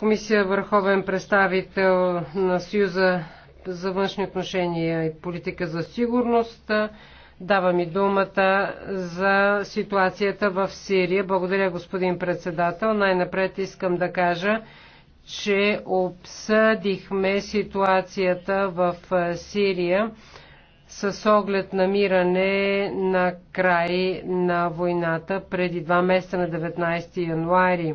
Комисия Върховен представител на Съюза за външни отношения и политика за сигурност. дава ми думата за ситуацията в Сирия. Благодаря, господин председател. Най-напред искам да кажа, че обсъдихме ситуацията в е, Сирия с оглед намиране на край на войната преди два месеца на 19 януари.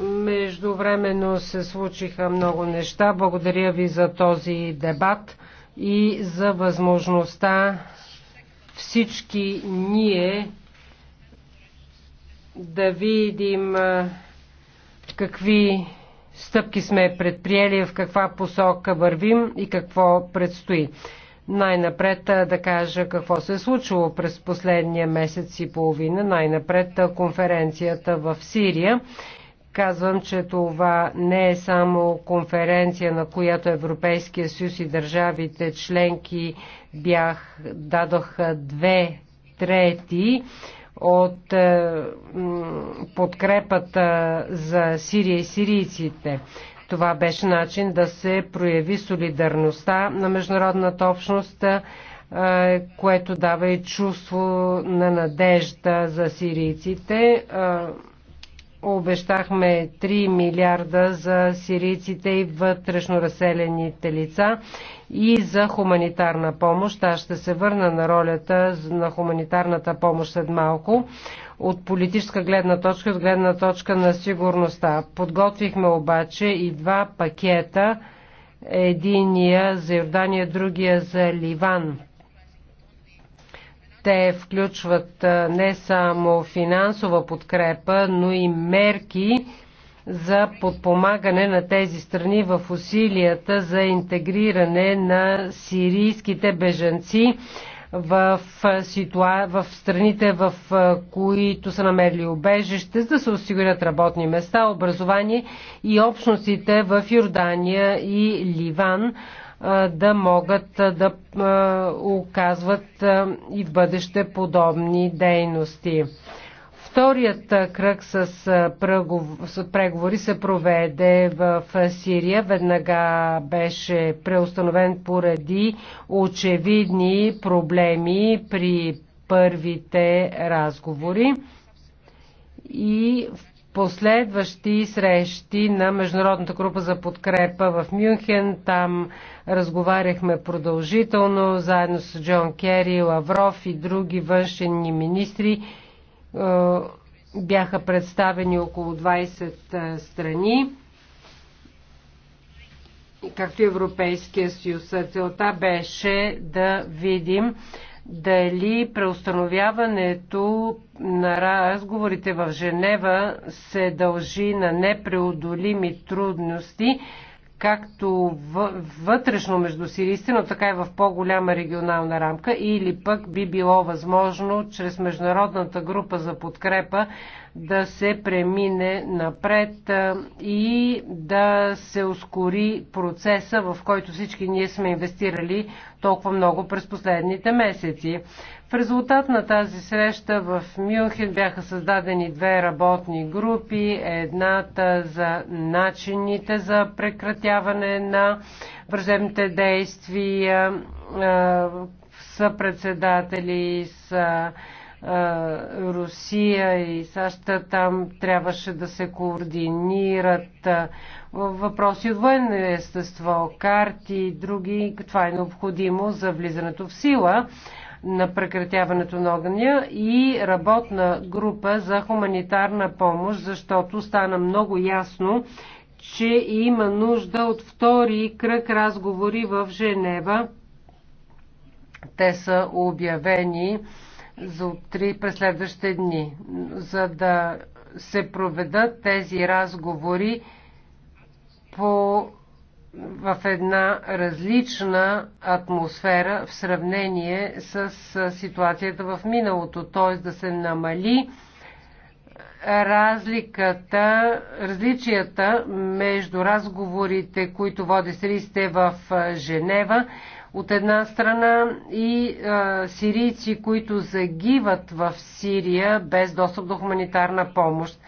Междувременно се случиха много неща. Благодаря ви за този дебат и за възможността всички ние да видим какви стъпки сме предприели, в каква посока вървим и какво предстои. Най-напред да кажа какво се е случило през последния месец и половина. Най-напред конференцията в Сирия Казвам, че това не е само конференция, на която Европейския съюз и държавите членки бях, дадоха две трети от е, подкрепата за Сирия и сирийците. Това беше начин да се прояви солидарността на международната общност, е, което дава и чувство на надежда за сирийците. Е, обещахме 3 милиарда за сирийците и вътрешно разселените лица и за хуманитарна помощ. Аз ще се върна на ролята на хуманитарната помощ след малко. От политическа гледна точка, от гледна точка на сигурността. Подготвихме обаче и два пакета. Единия за Йордания, другия за Ливан те включват не само финансова подкрепа, но и мерки за подпомагане на тези страни в усилията за интегриране на сирийските бежанци в, ситуа... в страните, в които са намерили обежище, за да се осигурят работни места, образование и общностите в Йордания и Ливан да могат да оказват и в бъдеще подобни дейности. Вторият кръг с преговори се проведе в Сирия. Веднага беше преустановен поради очевидни проблеми при първите разговори и последващи срещи на Международната група за подкрепа в Мюнхен. Там разговаряхме продължително заедно с Джон Кери, Лавров и други външени министри. Е, бяха представени около 20 е, страни както и Европейския съюз. Целта беше да видим дали преустановяването на разговорите в Женева се дължи на непреодолими трудности както вътрешно между сирийците, но така и в по-голяма регионална рамка, или пък би било възможно чрез Международната група за подкрепа да се премине напред и да се ускори процеса, в който всички ние сме инвестирали толкова много през последните месеци. В резултат на тази среща в Мюнхен бяха създадени две работни групи. Едната за начините за прекратяване на враждебните действия са председатели с Русия и САЩ там трябваше да се координират въпроси от военно естество, карти и други. Това е необходимо за влизането в сила на прекратяването на огъня и работна група за хуманитарна помощ, защото стана много ясно, че има нужда от втори кръг разговори в Женева. Те са обявени за три преследващи дни. За да се проведат тези разговори по в една различна атмосфера в сравнение с ситуацията в миналото, т.е. да се намали разликата, различията между разговорите, които води сирийците в Женева, от една страна и а, сирийци, които загиват в Сирия без достъп до хуманитарна помощ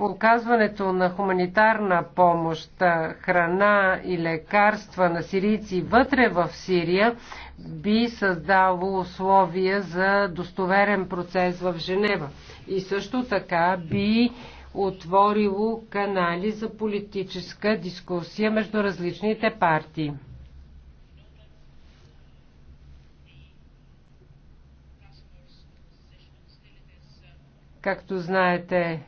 оказването на хуманитарна помощ, храна и лекарства на сирийци вътре в Сирия би създало условия за достоверен процес в Женева. И също така би отворило канали за политическа дискусия между различните партии. Както знаете,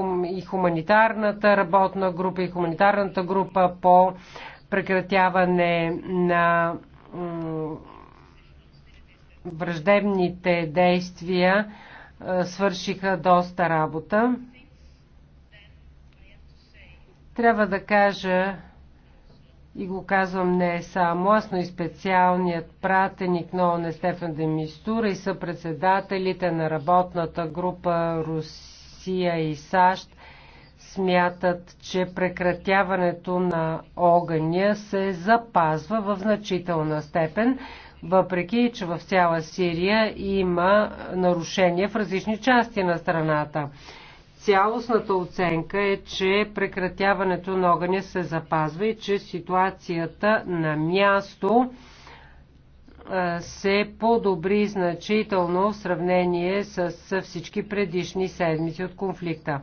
хум, и хуманитарната работна група, и хуманитарната група по прекратяване на враждебните действия свършиха доста работа. Трябва да кажа, и го казвам не само аз, но и специалният пратеник на ОНЕ Стефан Демистура и съпредседателите на работната група Руси Русия и САЩ смятат, че прекратяването на огъня се запазва в значителна степен, въпреки че в цяла Сирия има нарушения в различни части на страната. Цялостната оценка е, че прекратяването на огъня се запазва и че ситуацията на място е, се подобри значително в сравнение с всички предишни седмици от конфликта.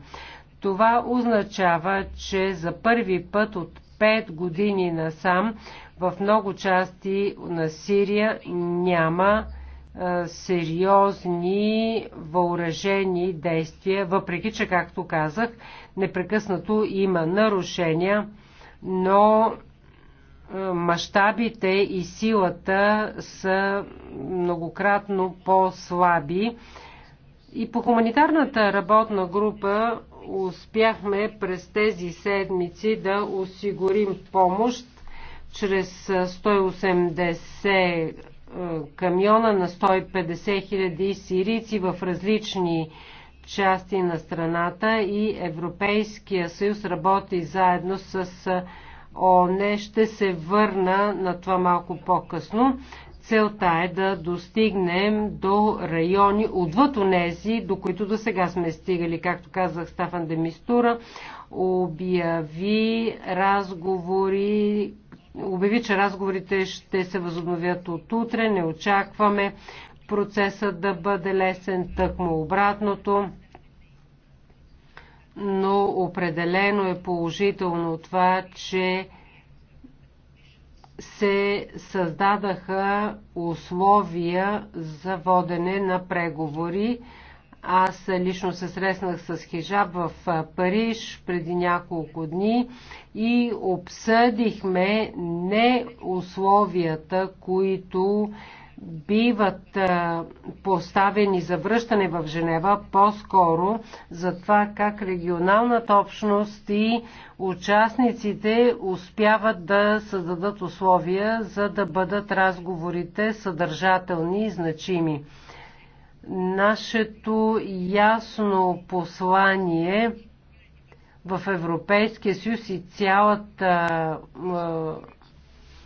Това означава, че за първи път от 5 години насам в много части на Сирия няма е, сериозни въоръжени действия, въпреки че, както казах, непрекъснато има нарушения, но е, мащабите и силата са многократно по-слаби. И по хуманитарната работна група успяхме през тези седмици да осигурим помощ чрез 180 е, камиона на 150 хиляди сирийци в различни части на страната и Европейския съюз работи заедно с е, ООН. Ще се върна на това малко по-късно. Целта е да достигнем до райони отвъд онези, до които до сега сме стигали. Както казах, Стафан Демистура обяви разговори, обяви, че разговорите ще се възобновят от утре. Не очакваме процесът да бъде лесен, тъкмо обратното но определено е положително това, че се създадаха условия за водене на преговори. Аз лично се среснах с хижаб в Париж преди няколко дни и обсъдихме не условията, които биват поставени за връщане в Женева по-скоро за това как регионалната общност и участниците успяват да създадат условия, за да бъдат разговорите съдържателни и значими. Нашето ясно послание в Европейския съюз и цялата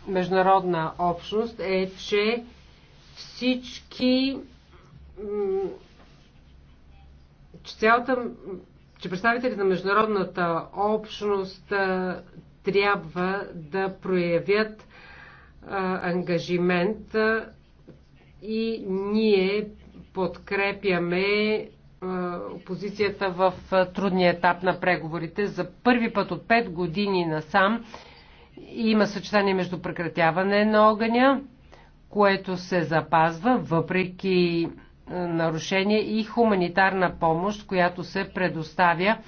международна общност е, че всички че цялата че представителите на международната общност трябва да проявят а, ангажимент а, и ние подкрепяме а, в а, трудния етап на преговорите. За първи път от 5 години насам има съчетание между прекратяване на огъня което се запазва въпреки е, нарушение и хуманитарна помощ, която се предоставя е,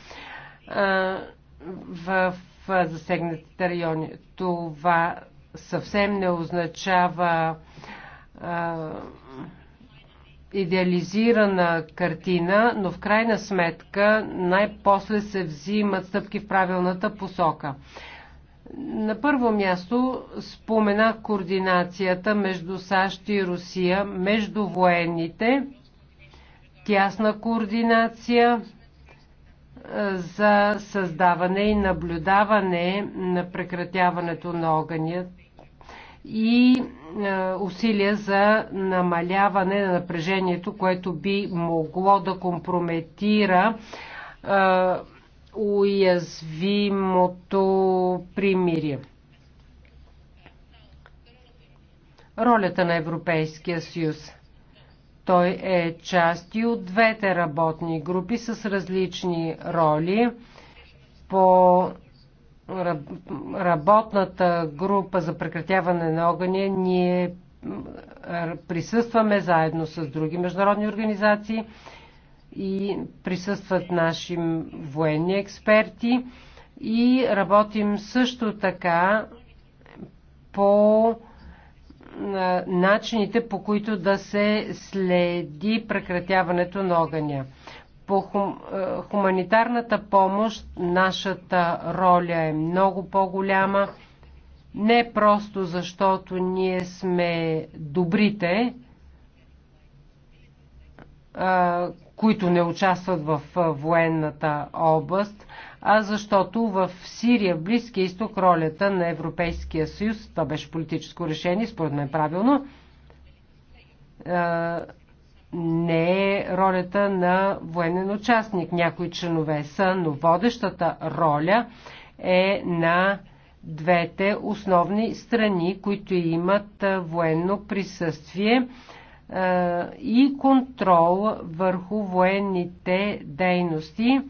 в засегнатите райони. Това съвсем не означава е, идеализирана картина, но в крайна сметка най-после се взимат стъпки в правилната посока. На първо място спомена координацията между САЩ и Русия, между военните, тясна координация е, за създаване и наблюдаване на прекратяването на огъня и е, усилия за намаляване на напрежението, което би могло да компрометира е, уязвимото примирие. Ролята на Европейския съюз. Той е част и от двете работни групи с различни роли. По работната група за прекратяване на огъня ние присъстваме заедно с други международни организации и присъстват наши военни експерти и работим също така по начините по които да се следи прекратяването на огъня. По хум, хуманитарната помощ нашата роля е много по-голяма, не просто защото ние сме добрите, които не участват в военната област, а защото в Сирия, в Близкия изток, ролята на Европейския съюз, това беше политическо решение, според мен правилно, не е ролята на военен участник. Някои членове са, но водещата роля е на двете основни страни, които имат военно присъствие е, и контрол върху военните дейности,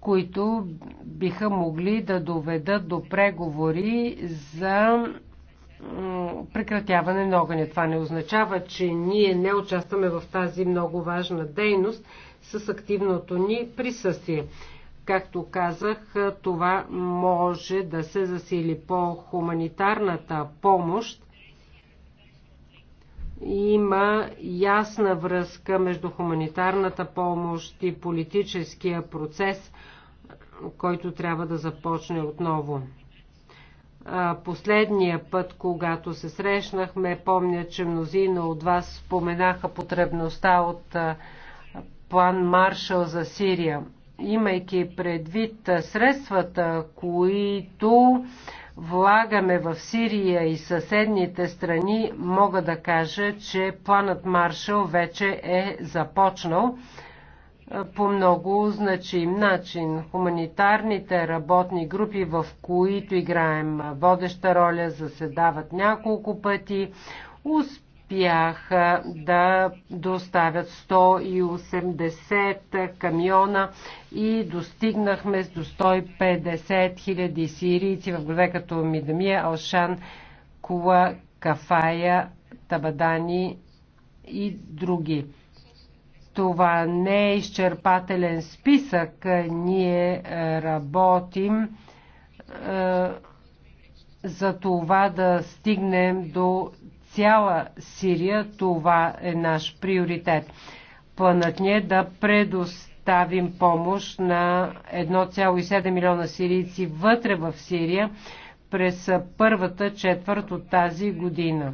които биха могли да доведат до преговори за прекратяване на огъня. Това не означава, че ние не участваме в тази много важна дейност с активното ни присъствие. Както казах, това може да се засили по хуманитарната помощ има ясна връзка между хуманитарната помощ и политическия процес, който трябва да започне отново. Последния път, когато се срещнахме, помня, че мнозина от вас споменаха потребността от план Маршал за Сирия. Имайки предвид средствата, които влагаме в Сирия и съседните страни, мога да кажа, че планът Маршал вече е започнал по много значим начин. Хуманитарните работни групи, в които играем водеща роля, заседават няколко пъти, успяха да доставят 180 камиона и достигнахме до 150 хиляди сирийци в градове като Мидамия, Алшан, Кула, Кафая, Табадани и други. Това не е изчерпателен списък. Ние е, работим е, за това да стигнем до цяла Сирия. Това е наш приоритет. Планът ни е да предоставим помощ на 1,7 милиона сирийци вътре в Сирия през първата четвърт от тази година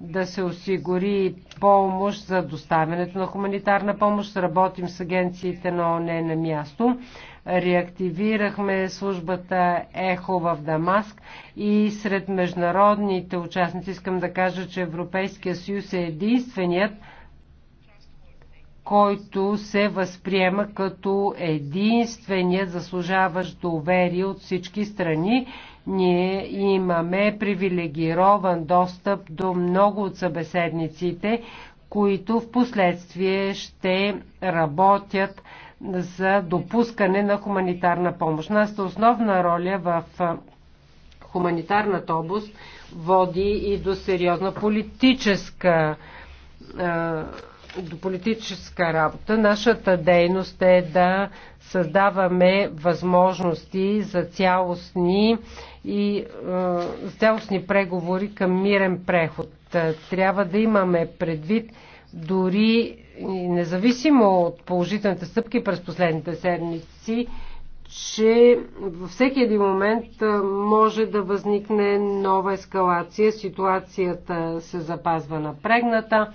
да се осигури помощ за доставянето на хуманитарна помощ. Работим с агенциите на ОНЕ на място. Реактивирахме службата ЕХО в Дамаск и сред международните участници искам да кажа, че Европейския съюз е единственият, който се възприема като единственият заслужаващ доверие от всички страни. Ние имаме привилегирован достъп до много от събеседниците, които в последствие ще работят за допускане на хуманитарна помощ. Нашата основна роля в хуманитарната област води и до сериозна политическа до политическа работа. Нашата дейност е да създаваме възможности за цялостни и за цялостни преговори към мирен преход. Трябва да имаме предвид дори и, независимо от положителните стъпки през последните седмици, че във всеки един момент може да възникне нова ескалация, ситуацията се запазва напрегната,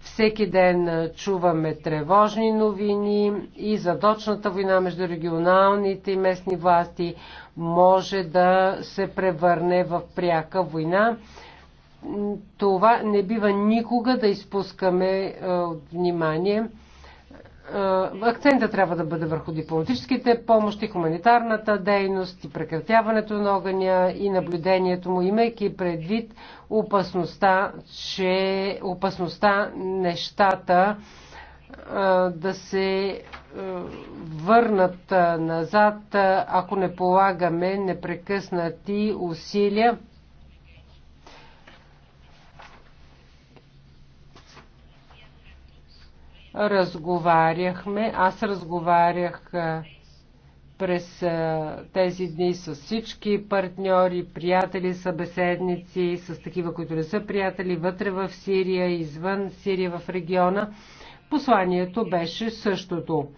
всеки ден чуваме тревожни новини и задочната война между регионалните и местни власти може да се превърне в пряка война това не бива никога да изпускаме е, внимание. Е, акцента трябва да бъде върху дипломатическите помощи, хуманитарната дейност и прекратяването на огъня и наблюдението му, имайки предвид опасността, че опасността нещата е, да се върнат назад, ако не полагаме непрекъснати усилия разговаряхме, аз разговарях през тези дни с всички партньори, приятели, събеседници, с такива, които не са приятели, вътре в Сирия, извън Сирия, в региона. Посланието беше същото.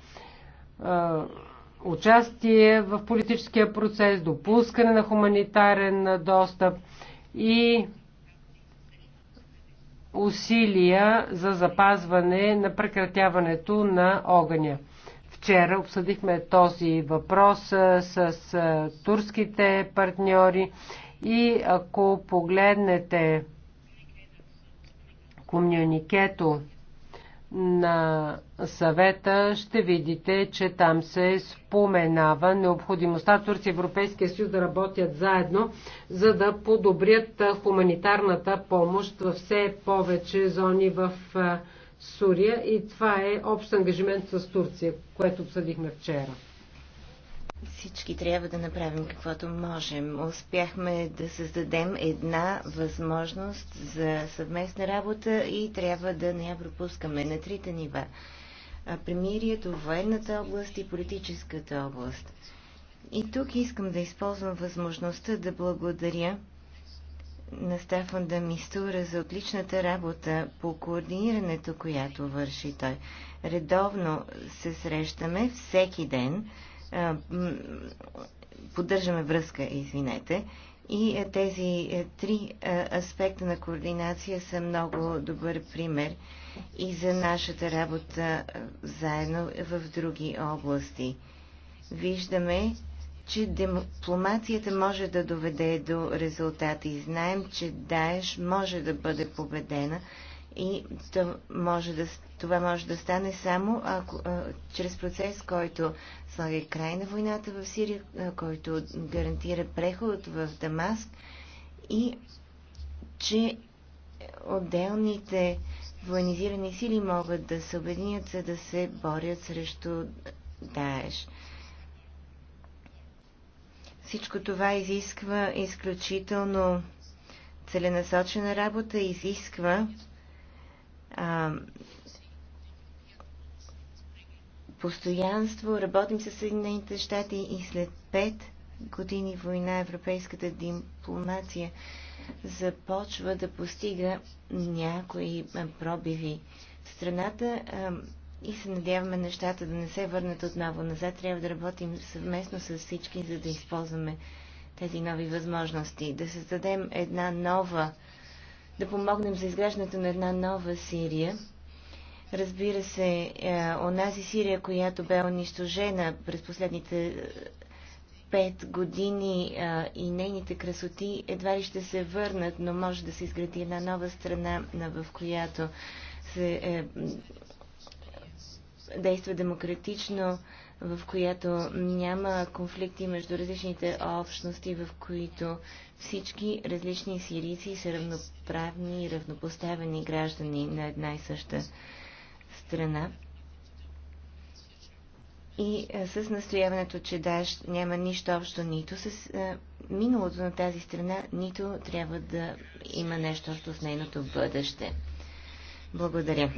Участие в политическия процес, допускане на хуманитарен достъп и усилия за запазване на прекратяването на огъня. Вчера обсъдихме този въпрос с турските партньори и ако погледнете комюникето на съвета ще видите, че там се споменава необходимостта Турция и Европейския съюз да работят заедно, за да подобрят хуманитарната помощ във все повече зони в Сурия и това е общ ангажимент с Турция, което обсъдихме вчера. Всички трябва да направим каквото можем. Успяхме да създадем една възможност за съвместна работа и трябва да не я пропускаме на трите нива. Премирието, военната област и политическата област. И тук искам да използвам възможността да благодаря на Стефан да Мистура за отличната работа по координирането, която върши той. Редовно се срещаме всеки ден е, поддържаме връзка, извинете. И е, тези е, три аспекта на координация са много добър пример и за нашата работа заедно в други области. Виждаме, че дипломацията може да доведе до резултати. Знаем, че Даеш може да бъде победена и то може да, това може да стане само ако, а, чрез процес, който слага край на войната в Сирия, а, който гарантира преход в Дамаск и че отделните военизирани сили могат да се объединят, за да се борят срещу Даеш. Всичко това изисква изключително целенасочена работа, изисква а, постоянство. Работим с Съединените щати и след пет години война европейската дипломация започва да постига някои пробиви в страната а, и се надяваме нещата да не се върнат отново назад. Трябва да работим съвместно с всички, за да използваме тези нови възможности, да създадем една нова да помогнем за изграждането на една нова Сирия. Разбира се, е, онази Сирия, която бе унищожена през последните е, пет години е, и нейните красоти едва ли ще се върнат, но може да се изгради една нова страна, в която се действа демократично, в която няма конфликти между различните общности, в които всички различни сирийци са равноправни и равнопоставени граждани на една и съща страна. И е, с настояването, че Даш няма нищо общо нито с е, миналото на тази страна, нито трябва да има нещо общо с нейното бъдеще. Благодаря.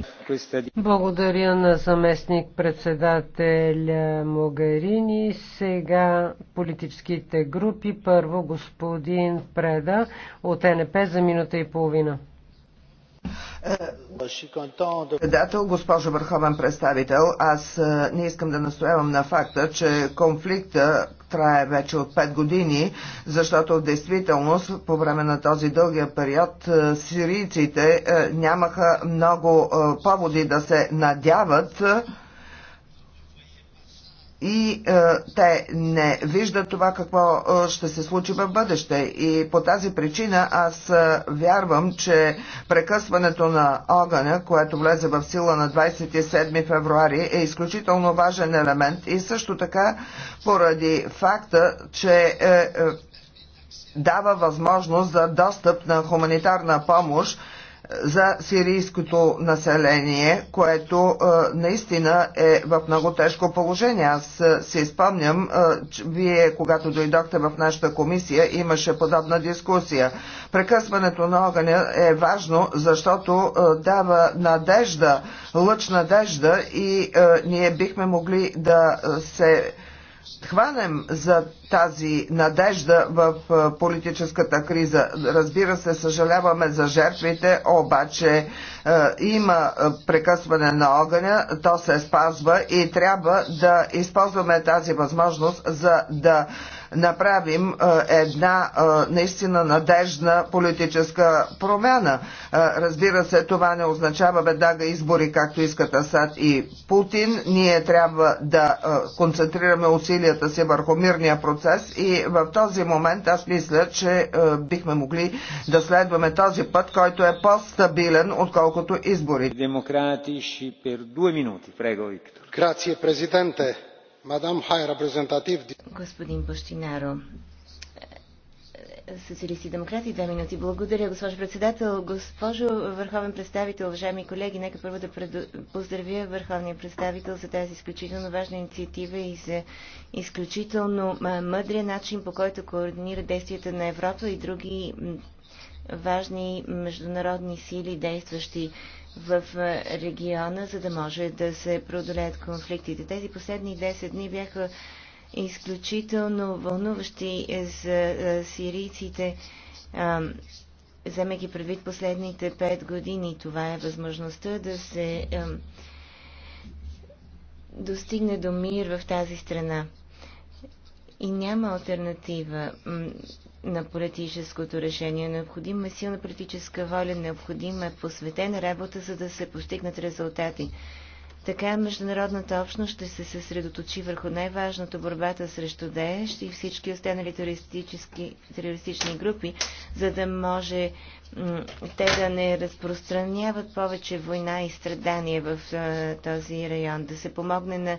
Благодаря на заместник председателя Могарини. Сега политическите групи. Първо господин Преда от НП за минута и половина. Председател, госпожо върховен представител, аз е, не искам да настоявам на факта, че конфликта трае вече от 5 години, защото в действителност по време на този дългия период е, сирийците е, нямаха много поводи да се надяват и е, те не виждат това какво е, ще се случи в бъдеще. И по тази причина аз е, вярвам, че прекъсването на огъня, което влезе в сила на 27 февруари, е изключително важен елемент и също така поради факта, че е, е, дава възможност за достъп на хуманитарна помощ за сирийското население, което наистина е в много тежко положение. Аз си спомням, че вие, когато дойдохте в нашата комисия, имаше подобна дискусия. Прекъсването на огъня е важно, защото дава надежда, лъч надежда и ние бихме могли да се хванем за тази надежда в политическата криза. Разбира се, съжаляваме за жертвите, обаче е, има прекъсване на огъня, то се спазва и трябва да използваме тази възможност, за да направим една наистина надежна политическа промяна. Разбира се, това не означава веднага избори, както искат Асад и Путин. Ние трябва да концентрираме усилията си върху мирния процес и в този момент аз мисля, че бихме могли да следваме този път, който е по-стабилен, отколкото избори. Демократи, per due minuti. Prego, Victor. Grazie, Господин Бащинаро, социалисти и демократи, две минути. Благодаря, госпожо председател. Госпожо върховен представител, уважаеми колеги, нека първо да поздравя върховния представител за тази изключително важна инициатива и за изключително мъдрия начин, по който координира действията на Европа и други важни международни сили, действащи в региона, за да може да се преодолеят конфликтите. Тези последни 10 дни бяха изключително вълнуващи за сирийците, вземайки предвид последните 5 години. Това е възможността да се достигне до мир в тази страна. И няма альтернатива на политическото решение. Необходима е силна политическа воля, необходима е посветена работа, за да се постигнат резултати. Така международната общност ще се съсредоточи върху най-важното борбата срещу ДЕЩ и всички останали терористични групи, за да може те да не разпространяват повече война и страдания в този район, да се помогне на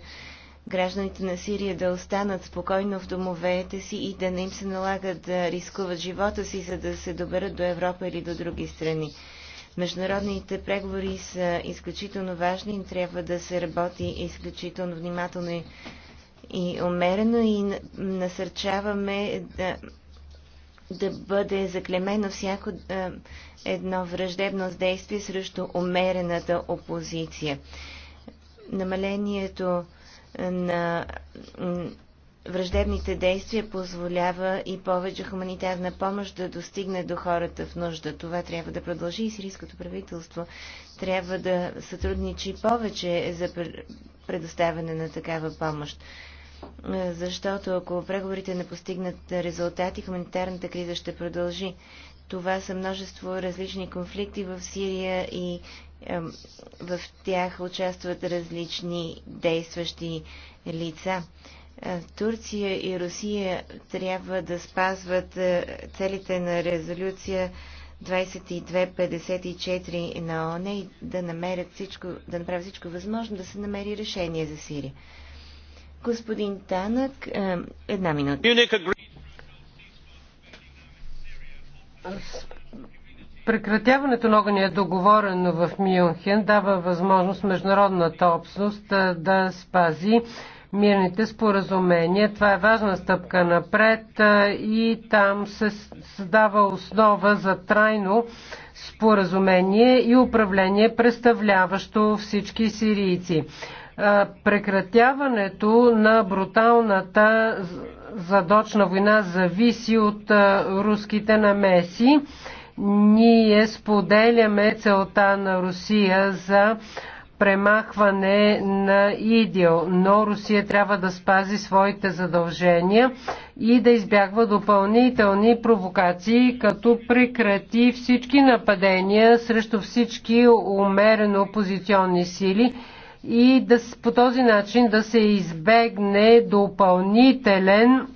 гражданите на Сирия да останат спокойно в домовете си и да не им се налага да рискуват живота си, за да се доберат до Европа или до други страни. Международните преговори са изключително важни и трябва да се работи изключително внимателно и умерено и насърчаваме да, да бъде заклемено всяко да, едно враждебно действие срещу умерената опозиция. Намалението на враждебните действия позволява и повече хуманитарна помощ да достигне до хората в нужда. Това трябва да продължи и сирийското правителство трябва да сътрудничи повече за предоставяне на такава помощ. Защото ако преговорите не постигнат резултати, хуманитарната криза ще продължи. Това са множество различни конфликти в Сирия и в тях участват различни действащи лица. Е, Турция и Русия трябва да спазват е, целите на резолюция 2254 на ОНЕ и да, намерят всичко, да направят всичко възможно да се намери решение за Сирия. Господин Танък, е, една минута. Прекратяването на огъня е договорено в Мюнхен, дава възможност международната общност да спази мирните споразумения. Това е важна стъпка напред и там се създава основа за трайно споразумение и управление, представляващо всички сирийци. Прекратяването на бруталната задочна война зависи от руските намеси. Ние споделяме целта на Русия за премахване на ИДИЛ, но Русия трябва да спази своите задължения и да избягва допълнителни провокации, като прекрати всички нападения срещу всички умерено опозиционни сили и да, по този начин да се избегне допълнителен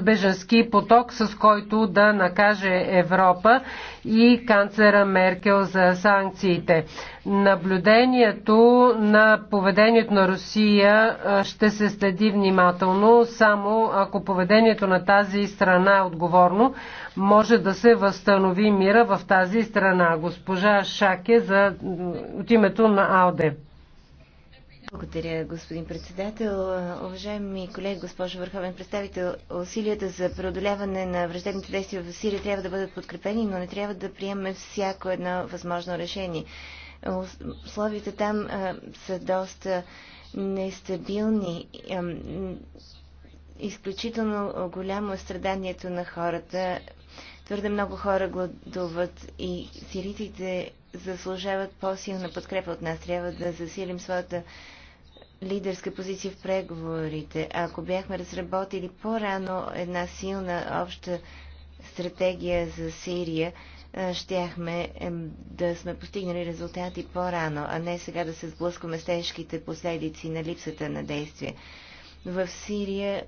беженски поток, с който да накаже Европа и канцлера Меркел за санкциите. Наблюдението на поведението на Русия ще се следи внимателно, само ако поведението на тази страна е отговорно, може да се възстанови мира в тази страна. Госпожа Шаке за, от името на АОДЕ. Благодаря, господин председател. Уважаеми колеги, госпожо Върховен представител, усилията за преодоляване на враждебните действия в Сирия трябва да бъдат подкрепени, но не трябва да приемем всяко едно възможно решение. Условията там а, са доста нестабилни. Изключително голямо е страданието на хората. Твърде много хора гладуват и сирийците заслужават по-силна подкрепа от нас. Трябва да засилим своята лидерска позиция в преговорите. Ако бяхме разработили по-рано една силна обща стратегия за Сирия, щяхме да сме постигнали резултати по-рано, а не сега да се сблъскваме с тежките последици на липсата на действие. В Сирия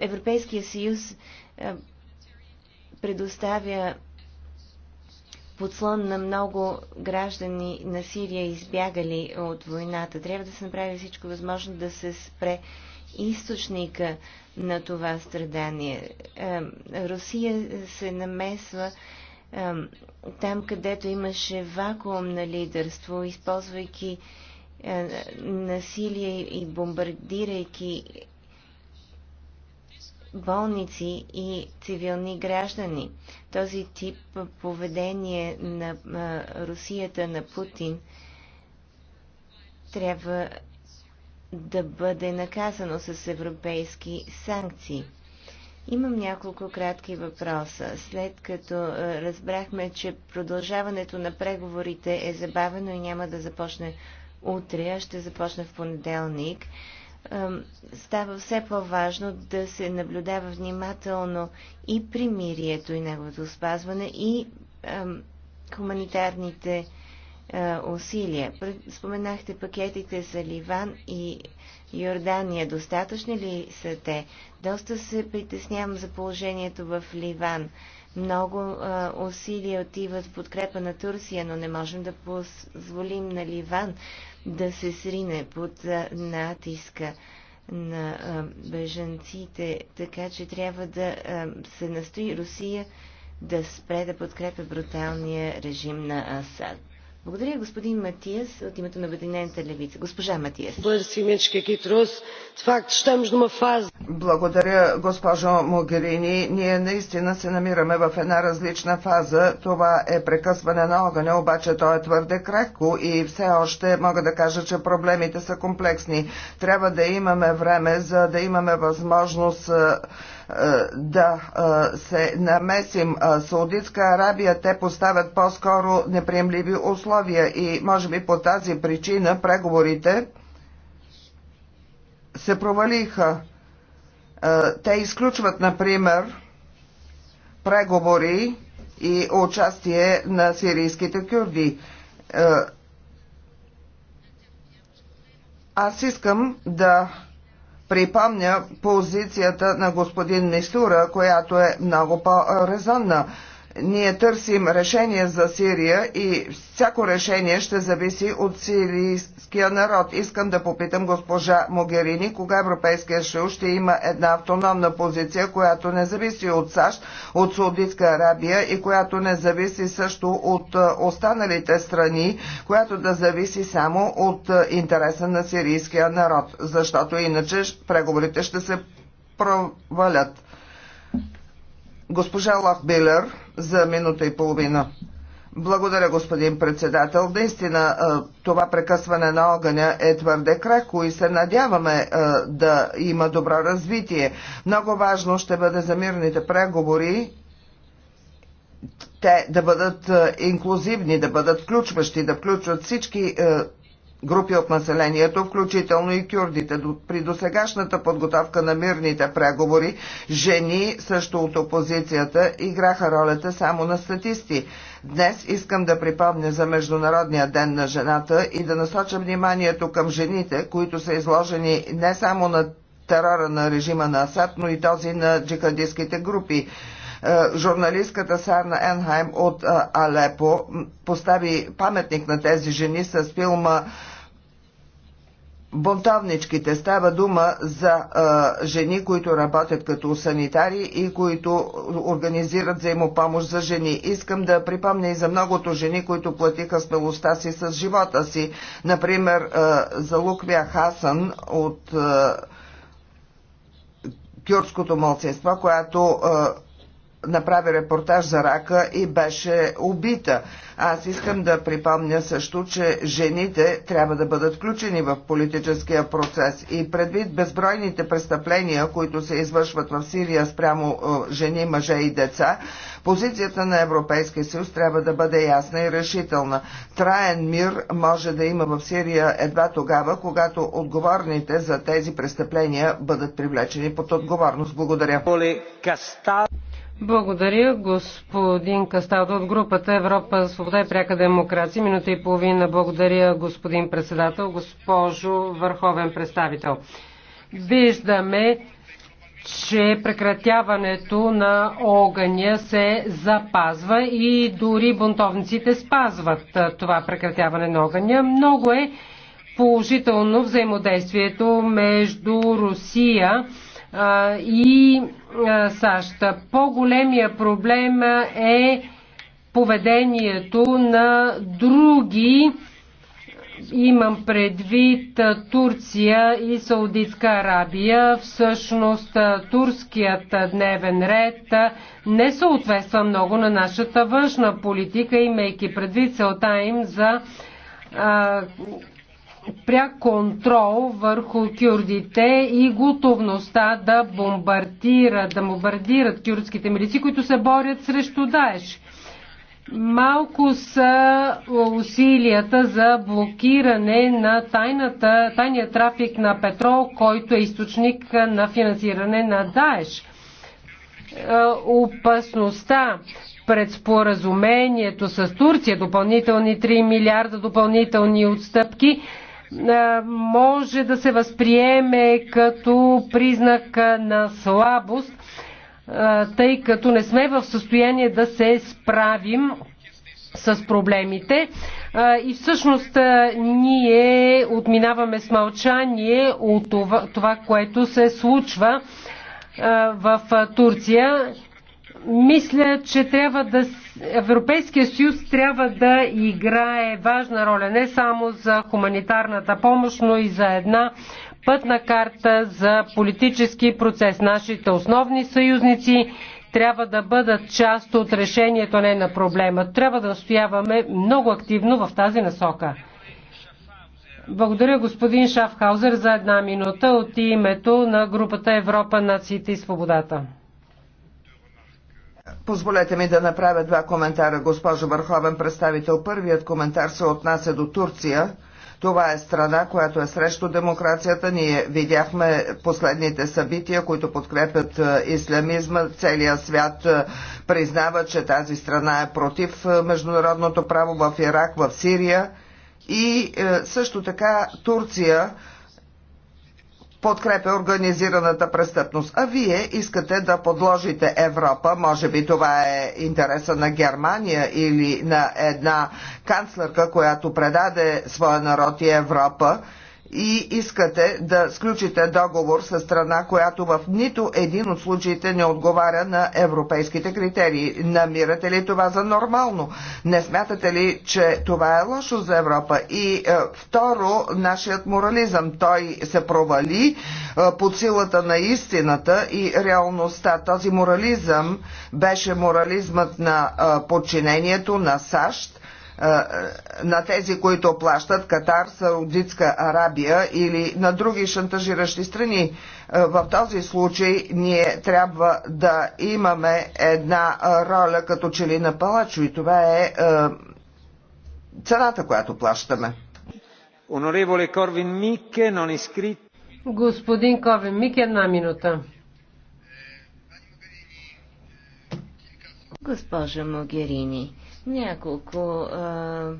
Европейския съюз предоставя подслон на много граждани на Сирия, избягали от войната. Трябва да се направи всичко възможно да се спре източника на това страдание. Русия се намесва там, където имаше вакуум на лидерство, използвайки е, насилие и бомбардирайки болници и цивилни граждани. Този тип поведение на Русията, на Путин, трябва да бъде наказано с европейски санкции. Имам няколко кратки въпроса. След като разбрахме, че продължаването на преговорите е забавено и няма да започне утре, а ще започне в понеделник, става все по-важно да се наблюдава внимателно и примирието и неговото спазване и хуманитарните усилия. Споменахте пакетите за Ливан и Йордания. Достатъчни ли са те? Доста се притеснявам за положението в Ливан. Много а, усилия отиват в подкрепа на Турция, но не можем да позволим на Ливан да се срине под а, натиска на а, бежанците, така че трябва да а, се настои Русия да спре да подкрепя бруталния режим на Асад. Благодаря, господин Матиас, от името на Обединената левица. Госпожа Матиас. Благодаря, госпожо Могерини. Ние наистина се намираме в една различна фаза. Това е прекъсване на огъня, обаче то е твърде кратко и все още мога да кажа, че проблемите са комплексни. Трябва да имаме време, за да имаме възможност е, да е, се намесим. Е, Саудитска Арабия те поставят по-скоро неприемливи условия и може би по тази причина преговорите се провалиха. Те изключват, например, преговори и участие на сирийските кюрди. Аз искам да припомня позицията на господин Мисура, която е много по-резонна. Ние търсим решение за Сирия и всяко решение ще зависи от сирийския народ. Искам да попитам госпожа Могерини, кога Европейския съюз ще има една автономна позиция, която не зависи от САЩ, от Саудитска Арабия и която не зависи също от е, останалите страни, която да зависи само от е, интереса на сирийския народ, защото иначе преговорите ще се провалят. Госпожа Белер, за минута и половина. Благодаря, господин председател. Наистина това прекъсване на огъня е твърде крехко и се надяваме да има добро развитие. Много важно ще бъде за мирните преговори те да бъдат инклюзивни, да бъдат включващи, да включват всички групи от населението, включително и кюрдите. При досегашната подготовка на мирните преговори, жени също от опозицията играха ролята само на статисти. Днес искам да припомня за Международния ден на жената и да насоча вниманието към жените, които са изложени не само на терора на режима на Асад, но и този на джихадистските групи. Е, журналистката Сарна Енхайм от е, Алепо постави паметник на тези жени с филма бунтовничките. Става дума за а, е, жени, които работят като санитари и които организират взаимопомощ за жени. Искам да припомня и за многото жени, които платиха смелостта си с живота си. Например, а, за Луквия Хасан от а, кюртското мълцинство, която а, направи репортаж за рака и беше убита. Аз искам да припомня също, че жените трябва да бъдат включени в политическия процес и предвид безбройните престъпления, които се извършват в Сирия спрямо е, жени, мъже и деца, позицията на Европейския съюз трябва да бъде ясна и решителна. Траен мир може да има в Сирия едва тогава, когато отговорните за тези престъпления бъдат привлечени под отговорност. Благодаря. Благодаря, господин Касталдо от групата Европа, свобода и пряка демокрация. Минута и половина. Благодаря, господин председател, госпожо върховен представител. Виждаме, че прекратяването на огъня се запазва и дори бунтовниците спазват това прекратяване на огъня. Много е положително взаимодействието между Русия и и САЩ. По-големия проблем е поведението на други, имам предвид Турция и Саудитска Арабия. Всъщност турският дневен ред не съответства много на нашата външна политика, имайки предвид целта им за пряк контрол върху кюрдите и готовността да бомбардират, да бомбардират кюрдските милици, които се борят срещу Даеш. Малко са усилията за блокиране на тайната, тайния трафик на петрол, който е източник на финансиране на Даеш. Е, опасността пред споразумението с Турция, допълнителни 3 милиарда допълнителни отстъпки, е, може да се възприеме като признак на слабост, е, тъй като не сме в състояние да се справим с проблемите. Е, и всъщност ние отминаваме с мълчание от това, това което се случва в Турция мисля, че трябва да. Европейския съюз трябва да играе важна роля не само за хуманитарната помощ, но и за една пътна карта за политически процес. Нашите основни съюзници трябва да бъдат част от решението не на проблема. Трябва да настояваме много активно в тази насока. Благодаря господин Шафхаузер за една минута от името на групата Европа, нациите и свободата. Позволете ми да направя два коментара, госпожо Върховен представител. Първият коментар се отнася до Турция. Това е страна, която е срещу демокрацията. Ние видяхме последните събития, които подкрепят е, ислямизма. Целия свят е, признава, че тази страна е против е, международното право в Ирак, в Сирия. И също така Турция подкрепя организираната престъпност. А вие искате да подложите Европа, може би това е интереса на Германия или на една канцлерка, която предаде своя народ и Европа, и искате да сключите договор с страна, която в нито един от случаите не отговаря на европейските критерии. Намирате ли това за нормално? Не смятате ли, че това е лошо за Европа? И е, второ, нашият морализъм. Той се провали е, под силата на истината и реалността. Този морализъм беше морализмът на е, подчинението на САЩ на тези, които плащат Катар, Саудитска Арабия или на други шантажиращи страни. В този случай ние трябва да имаме една роля като че ли на палачо и това е цената, която плащаме. Онореволе Корвин Мике, нон изкрит. Господин Корвин Мике, една минута. Госпожа Могерини, няколко а,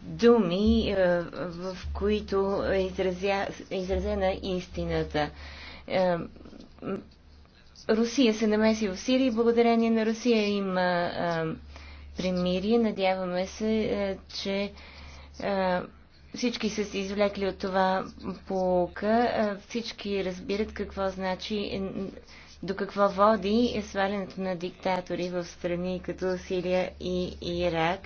думи, а, в които е изразя, изразена истината. А, Русия се намеси в Сирия и благодарение на Русия има а, премирие. Надяваме се, а, че а, всички са се извлекли от това полука. А, всички разбират какво значи до какво води е свалянето на диктатори в страни като Сирия и Ирак.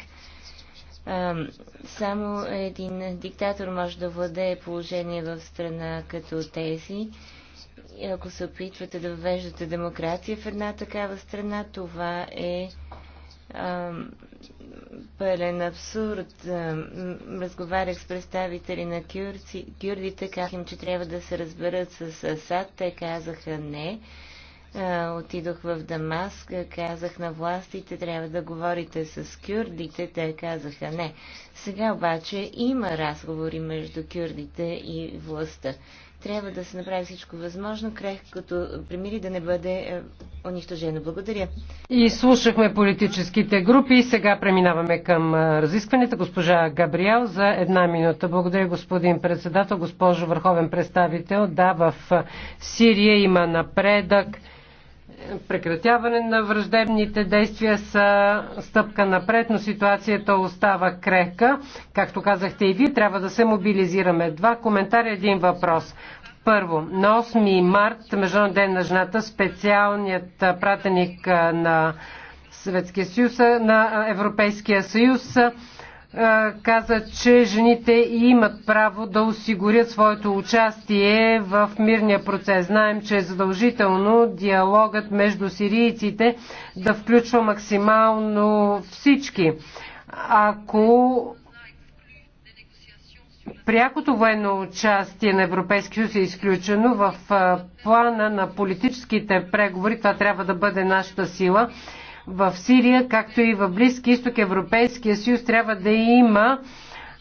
Само един диктатор може да владее положение в страна като тези. И ако се опитвате да въвеждате демокрация в една такава страна, това е пълен абсурд. Разговарях с представители на кюрци, кюрдите, казах им, че трябва да се разберат с Асад. Те казаха не. Е, отидох в Дамаск, казах на властите, трябва да говорите с кюрдите, те казаха не. Сега обаче има разговори между кюрдите и властта. Трябва да се направи всичко възможно, като примири да не бъде е, унищожено. Благодаря. И слушахме политическите групи и сега преминаваме към е, разискванията. Госпожа Габриел за една минута. Благодаря господин председател, госпожо върховен представител. Да, в Сирия има напредък прекратяване на враждебните действия са стъпка напред, но ситуацията остава крехка. Както казахте и вие, трябва да се мобилизираме. Два коментара, един въпрос. Първо, на 8 март, Международен ден на жената, специалният пратеник на Съветския съюз, на Европейския съюз каза, че жените имат право да осигурят своето участие в мирния процес. Знаем, че е задължително диалогът между сирийците да включва максимално всички. Ако прякото военно участие на Европейския съюз е изключено в плана на политическите преговори, това трябва да бъде нашата сила в Сирия, както и в Близки изток Европейския съюз трябва да има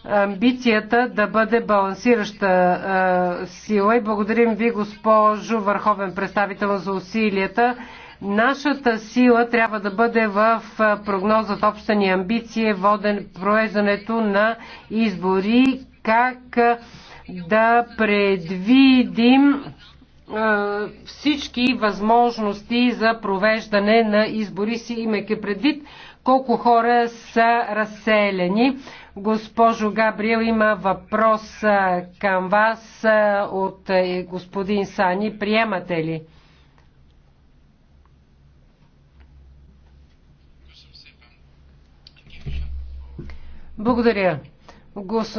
амбицията да бъде балансираща сила и благодарим ви, госпожо Върховен представител, за усилията. Нашата сила трябва да бъде в прогнозът обща ни амбиция, воден провеждането на избори, как да предвидим всички възможности за провеждане на избори си, имайки предвид колко хора са разселени. Госпожо Габриел, има въпрос към вас от е, господин Сани. Приемате ли? Благодаря. Гос...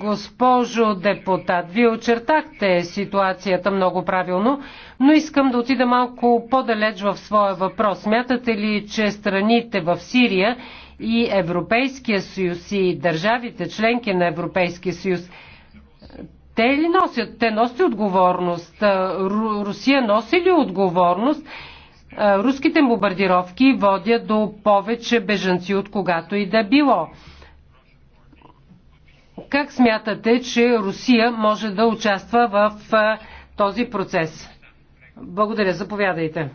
Госпожо депутат, вие очертахте ситуацията много правилно, но искам да отида малко по-далеч в своя въпрос. Смятате ли, че страните в Сирия и Европейския съюз и държавите членки на Европейския съюз те ли носят? Те носят отговорност. Русия носи ли отговорност? Руските бомбардировки водят до повече бежанци от когато и да било. Как смятате, че Русия може да участва в този процес? Благодаря, заповядайте.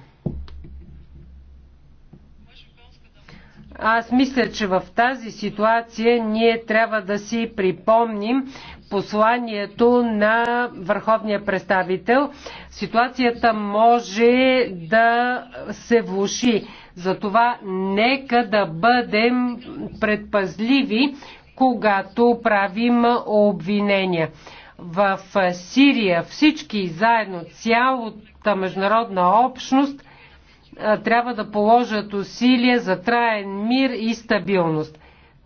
Аз мисля, че в тази ситуация ние трябва да си припомним посланието на върховния представител. Ситуацията може да се влуши. Затова нека да бъдем предпазливи когато правим обвинения. В Сирия всички заедно, цялата международна общност трябва да положат усилия за траен мир и стабилност.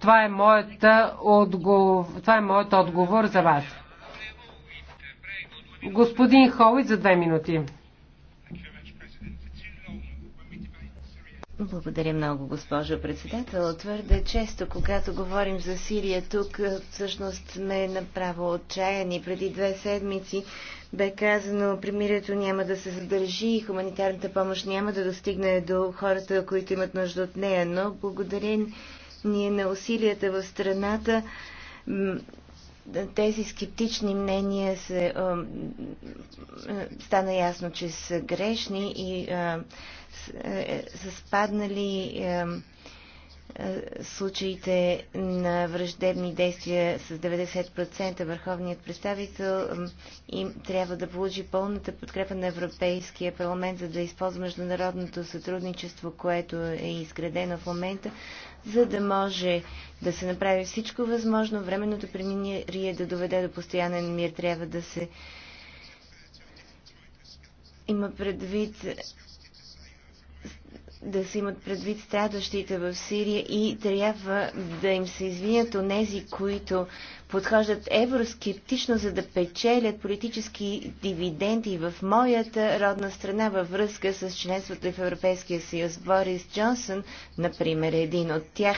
Това е моят отговор, това е моят отговор за вас. Господин Холит за две минути. Благодаря много, госпожо председател. Твърде често, когато говорим за Сирия тук, е, всъщност сме е направо отчаяни. Преди две седмици бе казано, примирието няма да се задържи и хуманитарната помощ няма да достигне до хората, които имат нужда от нея. Но благодарение на усилията в страната, тези скептични мнения се, е, стана ясно, че са грешни и е, са спаднали е, е, случаите на враждебни действия с 90%. Върховният представител и трябва да получи пълната подкрепа на Европейския парламент, за да използва международното сътрудничество, което е изградено в момента, за да може да се направи всичко възможно. Временното преминирие да доведе до постоянен мир трябва да се има предвид да се имат предвид страдащите в Сирия и трябва да им се извинят онези, които подхождат евроскептично, за да печелят политически дивиденти в моята родна страна във връзка с членството в Европейския съюз. Борис Джонсън, например, е един от тях,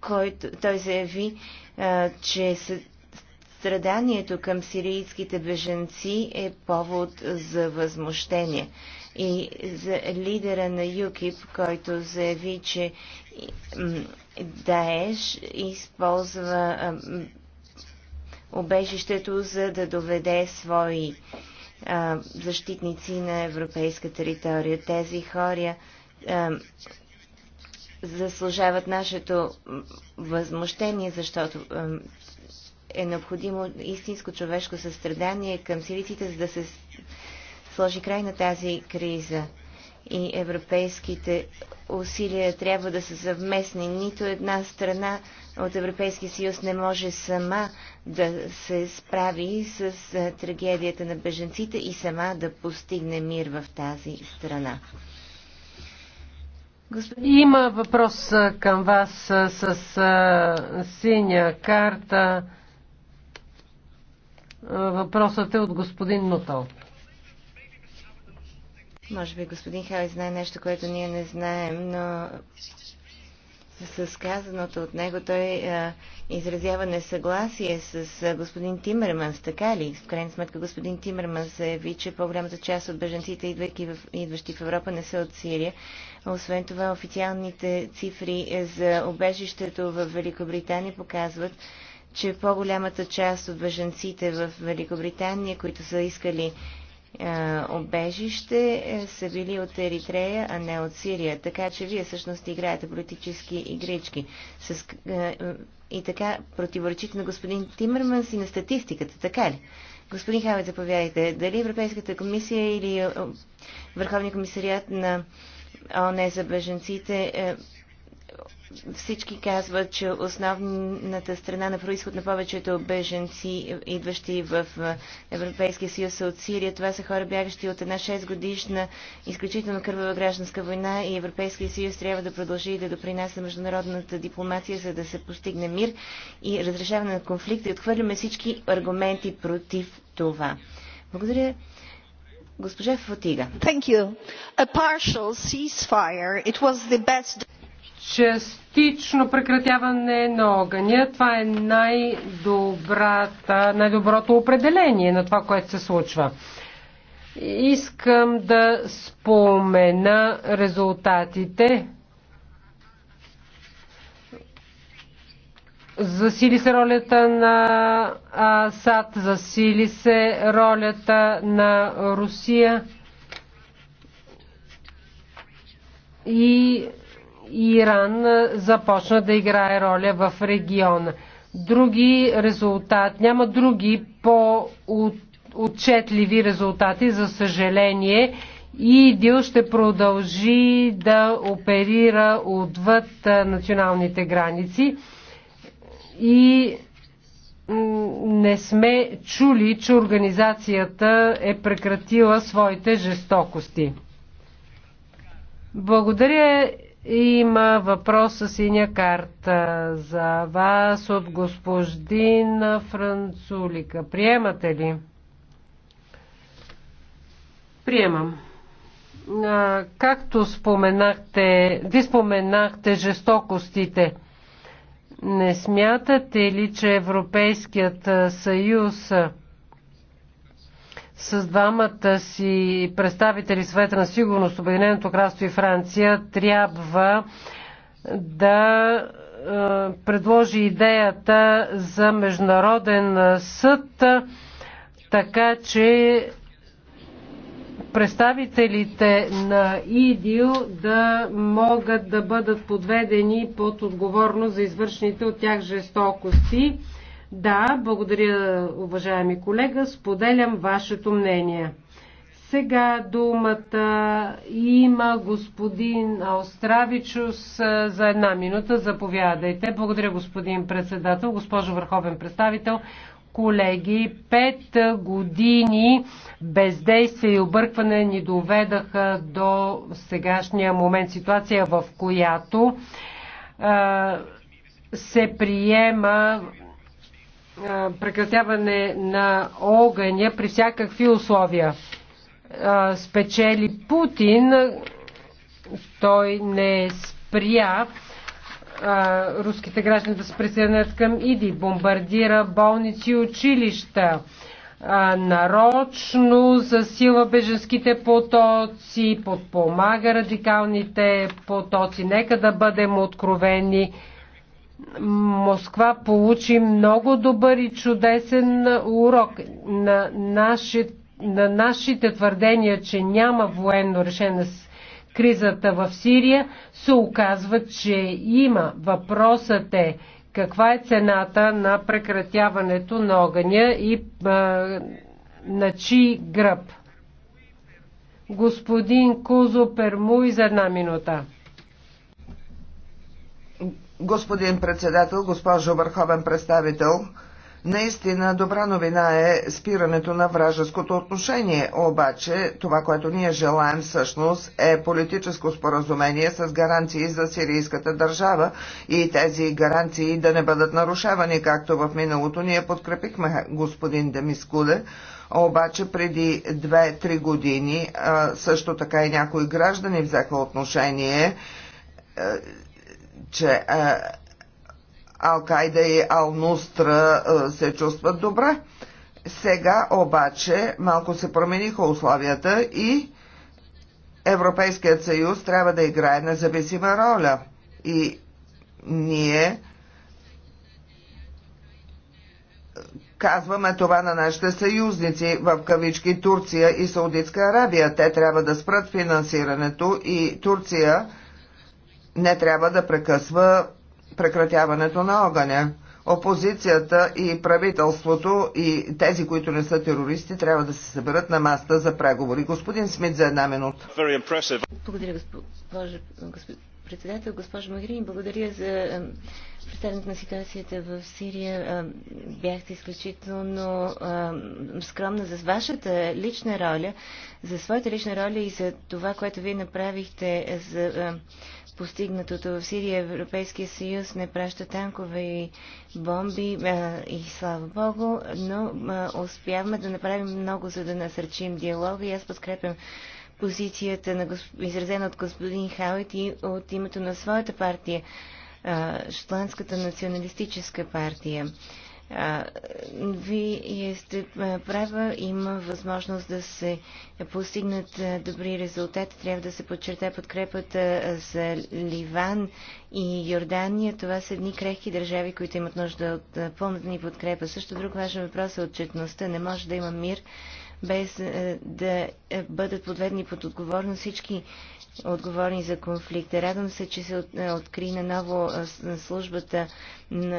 който той заяви, а, че страданието към сирийските беженци е повод за възмущение и за лидера на ЮКИП, който заяви, че Даеш използва обежището, за да доведе свои защитници на европейска територия. Тези хора заслужават нашето възмущение, защото е необходимо истинско човешко състрадание към сирийците, за да се сложи край на тази криза. И европейските усилия трябва да са съвместни. Нито една страна от Европейския съюз не може сама да се справи с трагедията на беженците и сама да постигне мир в тази страна. Господин... Има въпрос към вас с, с, с синя карта. Въпросът е от господин Нотал. Може би господин Хай знае нещо, което ние не знаем, но с казаното от него той а, е, изразява несъгласие с а, е, господин Тимерманс, така ли? В крайна сметка господин Тимерманс заяви, че по-голямата част от беженците, идвайки идващи в Европа, не са от Сирия. Освен това, официалните цифри е, за обежището в Великобритания показват, че по-голямата част от беженците в Великобритания, които са искали е, обежище е, са били от Еритрея, а не от Сирия. Така че вие всъщност играете политически игрички. С, е, и така противоречите на господин Тимърманс и на статистиката, така ли? Господин Хавец, заповядайте. Дали Европейската комисия или Върховния комисариат на ОНЕ за беженците всички казват, че основната страна на происход на повечето беженци, идващи в Европейския съюз, от Сирия. Това са хора, бягащи от една 6 годишна изключително кървава гражданска война и Европейския съюз трябва да продължи и да допринася международната дипломация, за да се постигне мир и разрешаване на конфликта и отхвърляме всички аргументи против това. Благодаря. Госпожа Фотига. Thank you. A partial ceasefire, it was the best частично прекратяване на огъня. Това е най-добрата, най-доброто определение на това, което се случва. Искам да спомена резултатите. Засили се ролята на Асад, засили се ролята на Русия и Иран започна да играе роля в региона. Други резултат, няма други по-отчетливи резултати, за съжаление. И ИДИЛ ще продължи да оперира отвъд националните граници. И не сме чули, че организацията е прекратила своите жестокости. Благодаря има въпрос с синя карта за вас от господина Францулика. Приемате ли? Приемам. Както споменахте, ви споменахте жестокостите. Не смятате ли, че Европейският съюз с двамата си представители Света на сигурност, Обединеното кралство и Франция, трябва да е, предложи идеята за международен съд, така че представителите на ИДИЛ да могат да бъдат подведени под отговорност за извършените от тях жестокости. Да, благодаря, уважаеми колега, споделям вашето мнение. Сега думата има господин Остравичус за една минута. Заповядайте. Благодаря, господин председател, госпожо върховен представител, колеги. Пет години бездействие и объркване ни доведаха до сегашния момент ситуация, в която се приема прекратяване на огъня при всякакви условия. Спечели Путин, той не спря руските граждани да се присъединят към ИДИ, бомбардира болници и училища, нарочно засила беженските потоци, подпомага радикалните потоци. Нека да бъдем откровени Москва получи много добър и чудесен урок на нашите на нашите твърдения, че няма военно решение с кризата в Сирия, се оказва, че има. Въпросът е каква е цената на прекратяването на огъня и а, на чий гръб. Господин Кузо Перму, за една минута. Господин председател, госпожо върховен представител, наистина добра новина е спирането на вражеското отношение, обаче това, което ние желаем всъщност е политическо споразумение с гаранции за сирийската държава и тези гаранции да не бъдат нарушавани, както в миналото ние подкрепихме господин Демискуле, обаче преди 2-3 години също така и някои граждани взеха отношение че е, Ал-Кайда и Ал-Нустра е, се чувстват добре. Сега обаче малко се промениха условията и Европейският съюз трябва да играе независима роля. И ние казваме това на нашите съюзници, в кавички Турция и Саудитска Арабия. Те трябва да спрат финансирането и Турция не трябва да прекъсва прекратяването на огъня. Опозицията и правителството и тези, които не са терористи, трябва да се съберат на маста за преговори. Господин Смит за една минута. Благодаря, госпожа председател. Госпожо Магрин, благодаря за представянето на ситуацията в Сирия. Бяхте изключително скромна за вашата лична роля, за своята лична роля и за това, което вие направихте за постигнатото в Сирия. Европейския съюз не праща танкове и бомби а, и слава Богу, но а, успяваме да направим много, за да насърчим диалога и аз подкрепям позицията на госп... изразена от господин Хауит и от името на своята партия, а, Шотландската националистическа партия. Вие сте права, има възможност да се постигнат добри резултати. Трябва да се подчерта подкрепата за Ливан и Йордания. Това са едни крехки държави, които имат нужда от пълната ни подкрепа. Също друг важен въпрос е отчетността. Не може да има мир без да бъдат подведени под отговорност всички отговорни за конфликта. Радвам се, че се е, откри наново е, службата на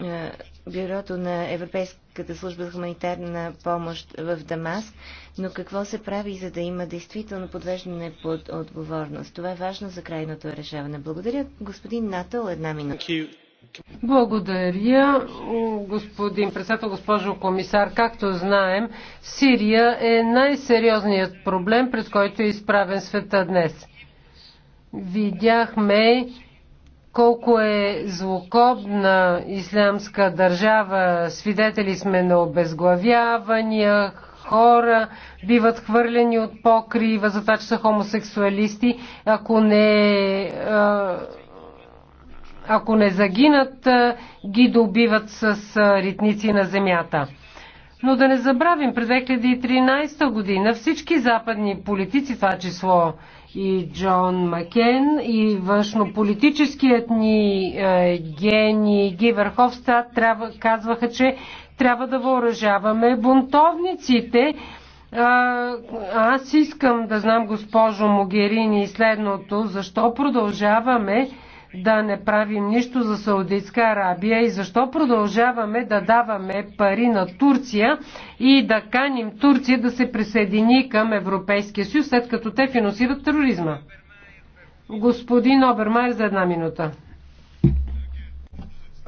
е, бюрото на Европейската служба за хуманитарна помощ в Дамаск, но какво се прави, за да има действително подвеждане под отговорност? Това е важно за крайното решаване. Благодаря. Господин Натал, една минута. Благодаря, господин председател, госпожо комисар. Както знаем, Сирия е най-сериозният проблем, пред който е изправен света днес. Видяхме колко е злокобна ислямска държава. Свидетели сме на обезглавявания, хора биват хвърлени от покрива за това, че са хомосексуалисти, ако не е ако не загинат, ги добиват с ритници на земята. Но да не забравим, през 2013 година всички западни политици, това число и Джон Макен, и външнополитическият ни е, гений Ги Върховстат трябва, казваха, че трябва да въоръжаваме бунтовниците. А, е, аз искам да знам, госпожо Могерини, следното, защо продължаваме да не правим нищо за Саудитска Арабия и защо продължаваме да даваме пари на Турция и да каним Турция да се присъедини към Европейския съюз, след като те финансират тероризма. Господин Обермайер за една минута.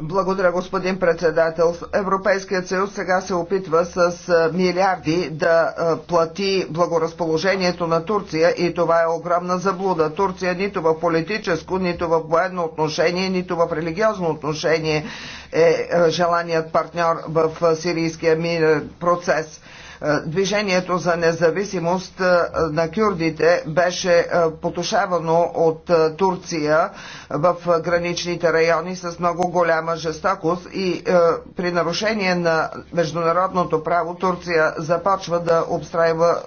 Благодаря, господин председател. Европейският съюз сега се опитва с милиарди да плати благоразположението на Турция и това е огромна заблуда. Турция нито в политическо, нито в военно отношение, нито в религиозно отношение е желаният партньор в сирийския мирен процес. Е, движението за независимост е, на кюрдите беше е, потушавано от Турция в граничните райони с много голяма жестокост и при нарушение на международното право Турция започва да обстрайва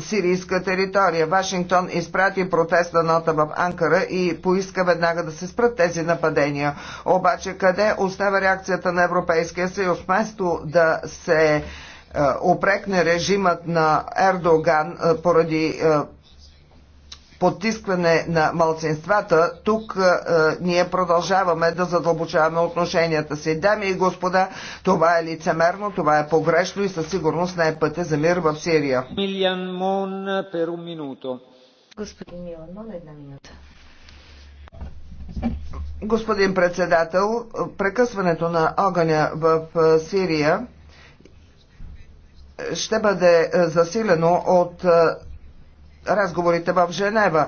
сирийска територия. Вашингтон изпрати протестна нота в Анкара и поиска веднага да се спрат тези нападения. Обаче къде остава реакцията на Европейския съюз? Вместо да се опрекне е, режимът на Ердоган е, поради е, подтискване на малцинствата, тук е, ние продължаваме да задълбочаваме отношенията си. Дами и господа, това е лицемерно, това е погрешно и със сигурност не е пътя за мир в Сирия. Милиан Мон, пер минуто. Господин Милан Мон, една минута. Господин председател, прекъсването на огъня в Сирия ще бъде е, засилено от е, разговорите в Женева.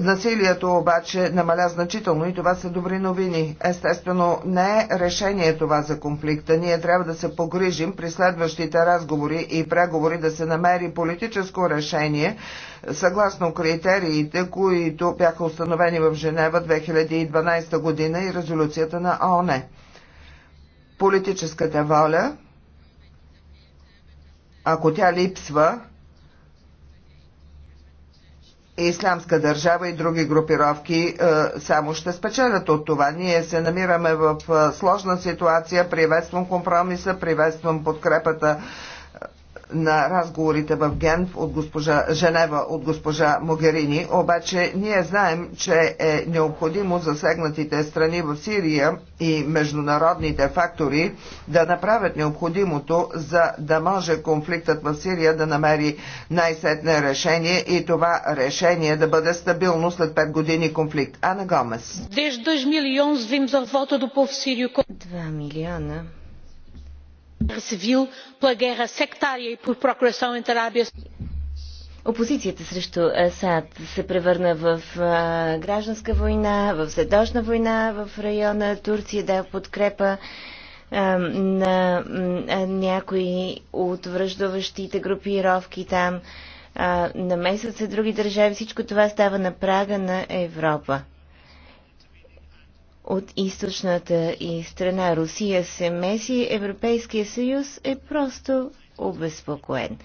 Насилието обаче намаля значително и това са добри новини. Естествено, не е решение това за конфликта. Ние трябва да се погрижим при следващите разговори и преговори да се намери политическо решение съгласно критериите, които бяха установени в Женева 2012 година и резолюцията на ОНЕ Политическата воля ако тя липсва, е Исламска държава и други групировки е, само ще спечелят от това. Ние се намираме в е, сложна ситуация. Приветствам компромиса, приветствам подкрепата на разговорите в Генф от госпожа Женева от госпожа Могерини, обаче ние знаем, че е необходимо засегнатите страни в Сирия и международните фактори да направят необходимото, за да може конфликтът в Сирия да намери най-сетне решение и това решение да бъде стабилно след 5 години конфликт. Ана Гомес. 2 милиона Civil, pela guerra sectária e por procuração entre a Arábia Опозицията срещу Асад се превърна в а, гражданска война, в задочна война в района. Турция да подкрепа а, на а, някои от връждуващите групировки там. А, намесват се други държави. Всичко това става на прага на Европа от източната и страна Русия се меси, Европейския съюз е просто обезпокоен.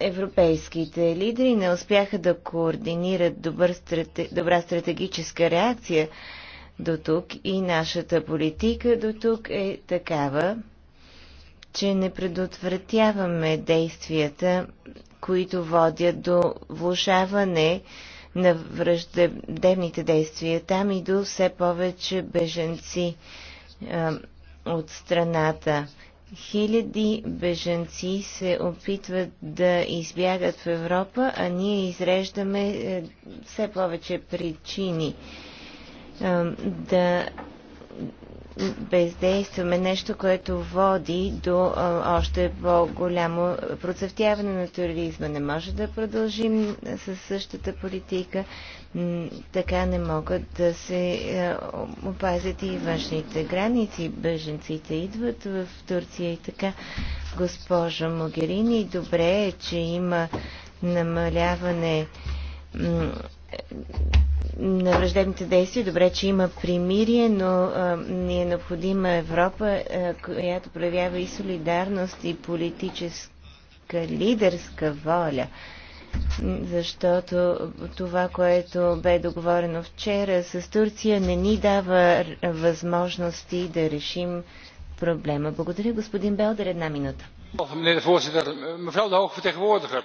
Европейските лидери не успяха да координират добър стратег... добра стратегическа реакция до тук и нашата политика до тук е такава, че не предотвратяваме действията, които водят до влушаване на враждебните действия там и до все повече беженци а, от страната. Хиляди беженци се опитват да избягат в Европа, а ние изреждаме а, все повече причини а, да бездействаме, нещо, което води до а, още по-голямо процъфтяване на туризма. Не може да продължим със същата политика, така не могат да се а, опазят и външните граници. Бъженците идват в Турция и така. Госпожа Могерини, добре е, че има намаляване на враждебните действия. Добре, че има примирие, но а, ни е необходима Европа, а, която проявява и солидарност, и политическа лидерска воля. Защото това, което бе договорено вчера с Турция, не ни дава възможности да решим проблема. Благодаря, господин Белдер. Една минута. Meneer de voorzitter, mevrouw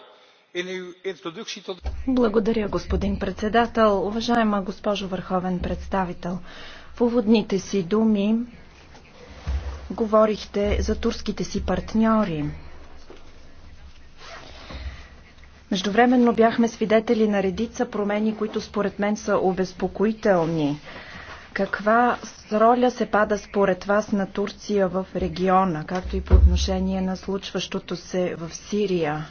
благодаря, господин председател. Уважаема госпожо Върховен представител, в уводните си думи говорихте за турските си партньори. Междувременно бяхме свидетели на редица промени, които според мен са обезпокоителни. Каква роля се пада според вас на Турция в региона, както и по отношение на случващото се в Сирия?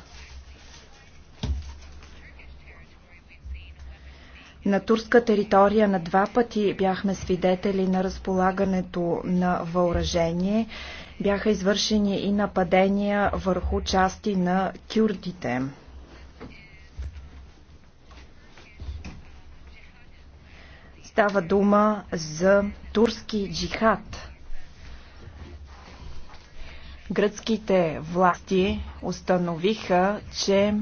На турска територия на два пъти бяхме свидетели на разполагането на въоръжение. Бяха извършени и нападения върху части на кюрдите. Става дума за турски джихад. Гръцките власти установиха, че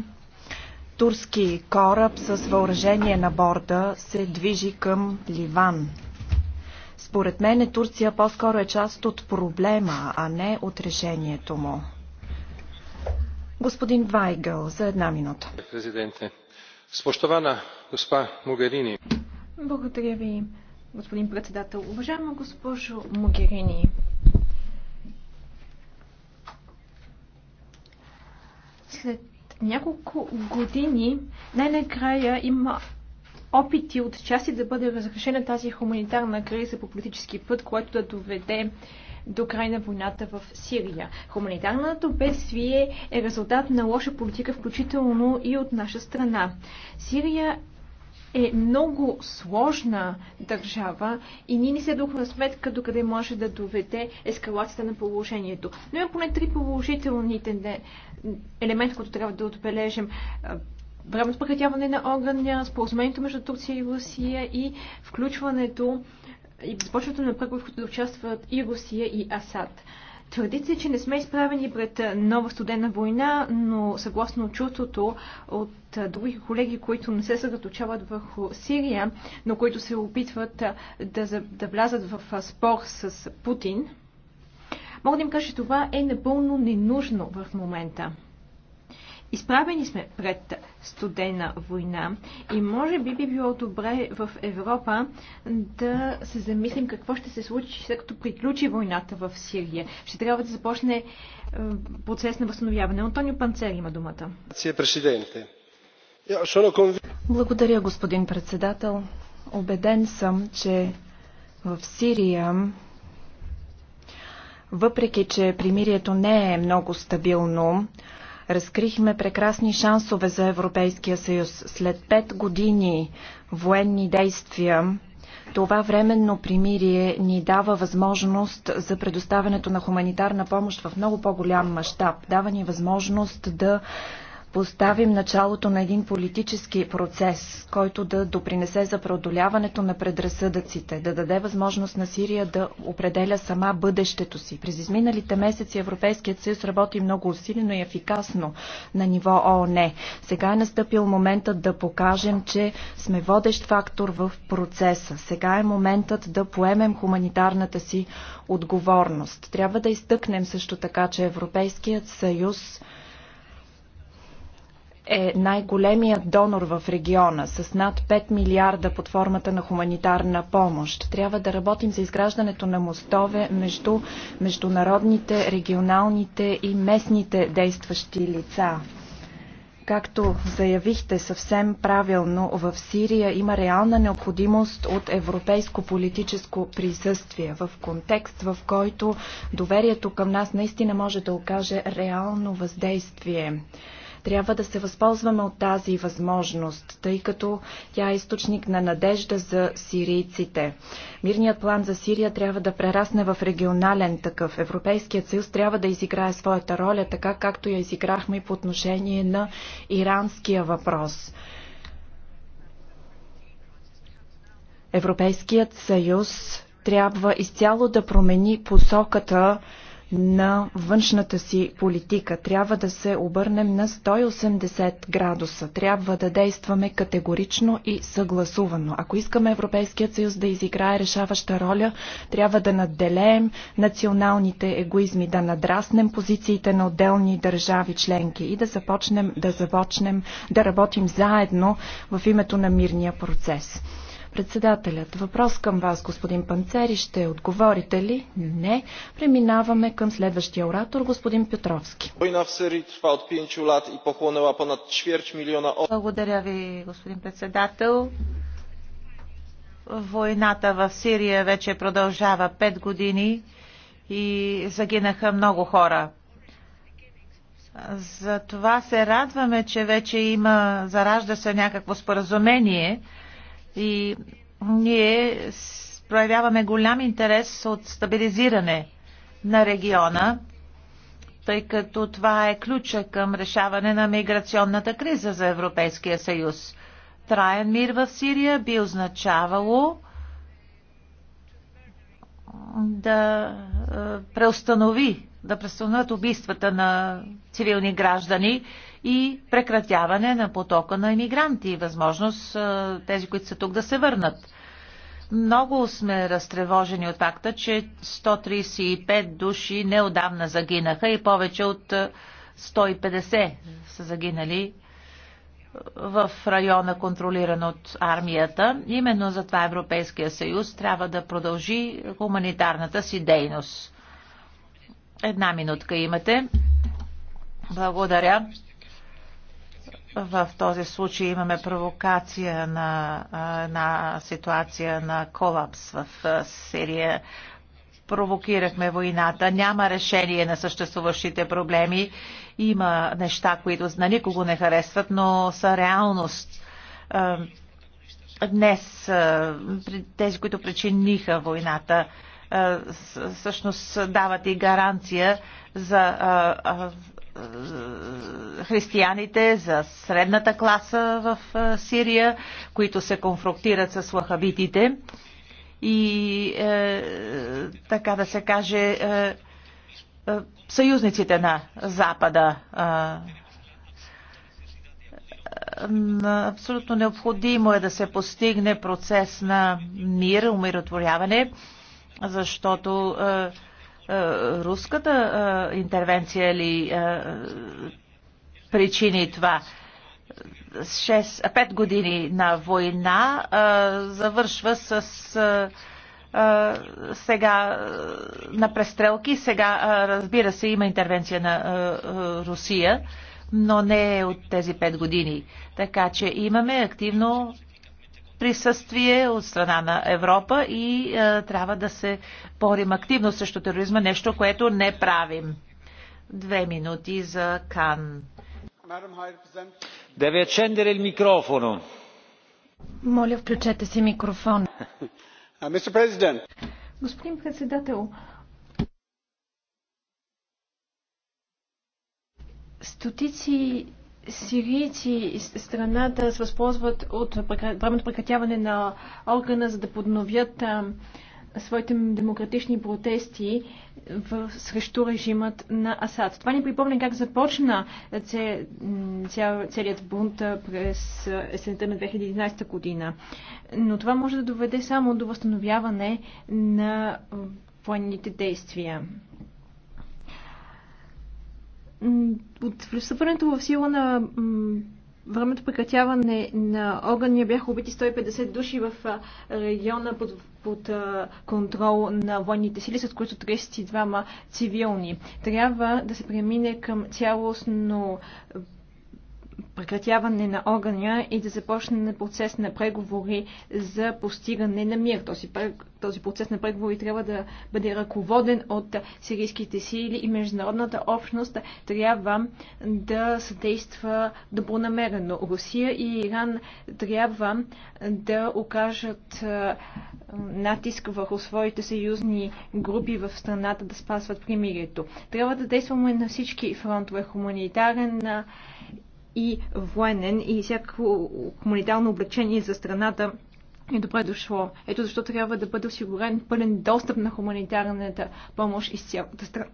турски кораб с въоръжение на борда се движи към Ливан. Според мен Турция по-скоро е част от проблема, а не от решението му. Господин Вайгъл, за една минута. Президенте, спощована госпа Могерини. Благодаря ви, господин председател. Уважаема госпожо Могерини, след няколко години най-накрая има опити от части да бъде разрешена тази хуманитарна криза по политически път, което да доведе до край на войната в Сирия. Хуманитарното бедствие е резултат на лоша политика, включително и от наша страна. Сирия е много сложна държава и ние не се дохме сметка до къде може да доведе ескалацията на положението. Но има поне три положителните елементи, които трябва да отбележим. Времето прекратяване на огъня, споразумението между Турция и Русия и включването и започването на преговори, в които да участват и Русия, и Асад. Твърдит се, че не сме изправени пред нова студена война, но съгласно чувството от други колеги, които не се съсредоточават върху Сирия, но които се опитват да, да влязат в спор с Путин, мога да им кажа, че това е напълно ненужно в момента. Изправени сме пред студена война и може би би било добре в Европа да се замислим какво ще се случи след като приключи войната в Сирия. Ще трябва да започне е, процес на възстановяване. Антонио Панцер има думата. Благодаря, господин председател. Обеден съм, че в Сирия въпреки че примирието не е много стабилно, Разкрихме прекрасни шансове за Европейския съюз. След пет години военни действия това временно примирие ни дава възможност за предоставянето на хуманитарна помощ в много по-голям мащаб. Дава ни възможност да поставим началото на един политически процес, който да допринесе за преодоляването на предразсъдъците, да даде възможност на Сирия да определя сама бъдещето си. През изминалите месеци Европейският съюз работи много усилено и ефикасно на ниво ООН. Сега е настъпил моментът да покажем, че сме водещ фактор в процеса. Сега е моментът да поемем хуманитарната си отговорност. Трябва да изтъкнем също така, че Европейският съюз е най-големият донор в региона с над 5 милиарда под формата на хуманитарна помощ. Трябва да работим за изграждането на мостове между международните, регионалните и местните действащи лица. Както заявихте съвсем правилно, в Сирия има реална необходимост от европейско политическо присъствие в контекст, в който доверието към нас наистина може да окаже реално въздействие. Трябва да се възползваме от тази възможност, тъй като тя е източник на надежда за сирийците. Мирният план за Сирия трябва да прерасне в регионален такъв. Европейският съюз трябва да изиграе своята роля, така както я изиграхме и по отношение на иранския въпрос. Европейският съюз трябва изцяло да промени посоката на външната си политика. Трябва да се обърнем на 180 градуса. Трябва да действаме категорично и съгласувано. Ако искаме Европейският съюз да изиграе решаваща роля, трябва да надделеем националните егоизми, да надраснем позициите на отделни държави членки и да започнем да започнем да работим заедно в името на мирния процес. Председателят, въпрос към вас, господин Панцери, ще отговорите ли? Не. Преминаваме към следващия оратор, господин Петровски. Война в от 5 и милиона Благодаря ви, господин председател. Войната в Сирия вече продължава 5 години и загинаха много хора. Затова се радваме, че вече има, заражда се някакво споразумение и ние проявяваме голям интерес от стабилизиране на региона, тъй като това е ключа към решаване на миграционната криза за Европейския съюз. Траен мир в Сирия би означавало да преустанови да престанат убийствата на цивилни граждани и прекратяване на потока на емигранти и възможност тези, които са тук, да се върнат. Много сме разтревожени от факта, че 135 души неодавна загинаха и повече от 150 са загинали в района, контролиран от армията. Именно затова Европейския съюз трябва да продължи хуманитарната си дейност. Една минутка имате. Благодаря. В този случай имаме провокация на на ситуация на колапс в Сирия. Провокирахме войната. Няма решение на съществуващите проблеми. Има неща, които на никого не харесват, но са реалност. Днес тези, които причиниха войната, е, всъщност дават и гаранция за е, е, християните, за средната класа в Сирия, които се конфронтират с лахавитите, И е, така да се каже, е, съюзниците на Запада. Абсолютно необходимо е да се постигне процес на мир, умиротворяване защото е, е, руската е, интервенция ли причини това? пет години на война завършва с сега на престрелки. Сега, разбира се, има интервенция на Русия, но не от тези пет години. Така че имаме активно присъствие от страна на Европа и е, трябва да се борим активно срещу тероризма, нещо, което не правим. Две минути за Кан. Моля, включете си микрофон. Господин председател, стотици сирийци из страната се възползват от времето прекратяване на органа, за да подновят а, своите демократични протести в, срещу режимът на Асад. Това ни припомня как започна ця, ця, целият бунт през есента на 2011 година. Но това може да доведе само до възстановяване на военните действия от встъпването в сила на времето прекратяване на огъня бяха убити 150 души в региона под, под контрол на военните сили, с които 32 цивилни. Трябва да се премине към цялостно прекратяване на огъня и да започне на процес на преговори за постигане на мир. Този, този процес на преговори трябва да бъде ръководен от сирийските сили и международната общност трябва да съдейства добронамерено. Русия и Иран трябва да окажат натиск върху своите съюзни групи в страната да спазват примирието. Трябва да действаме на всички фронтове хуманитарен, и военен и всяко хуманитарно облечение за страната е добре дошло. Ето защо трябва да бъде осигурен пълен достъп на хуманитарната помощ из цялата страна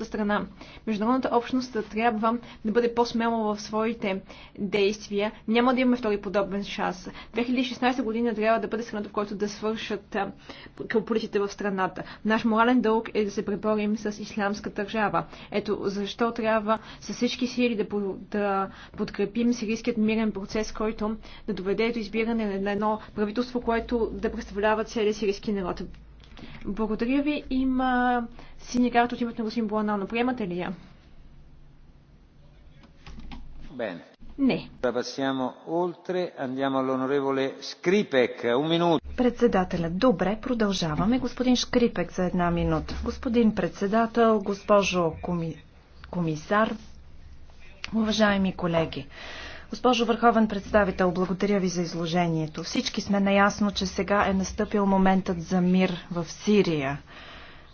страна. Международната общност трябва да бъде по-смела в своите действия. Няма да имаме втори подобен шанс. 2016 година трябва да бъде страната, в който да свършат кръвополитите в страната. Наш морален дълг е да се преборим с ислямска държава. Ето защо трябва с всички сили да, да подкрепим сирийският мирен процес, който да доведе до избиране на едно правителство, което да представлява целия сирийски народ. Благодаря ви. Има синя карта от името на господин Буанано. Приемате ли я? Bene. Не. Председателя. Добре, продължаваме. Господин Шкрипек за една минута. Господин председател, госпожо коми... комисар, уважаеми колеги. Госпожо Върховен представител, благодаря ви за изложението. Всички сме наясно, че сега е настъпил моментът за мир в Сирия.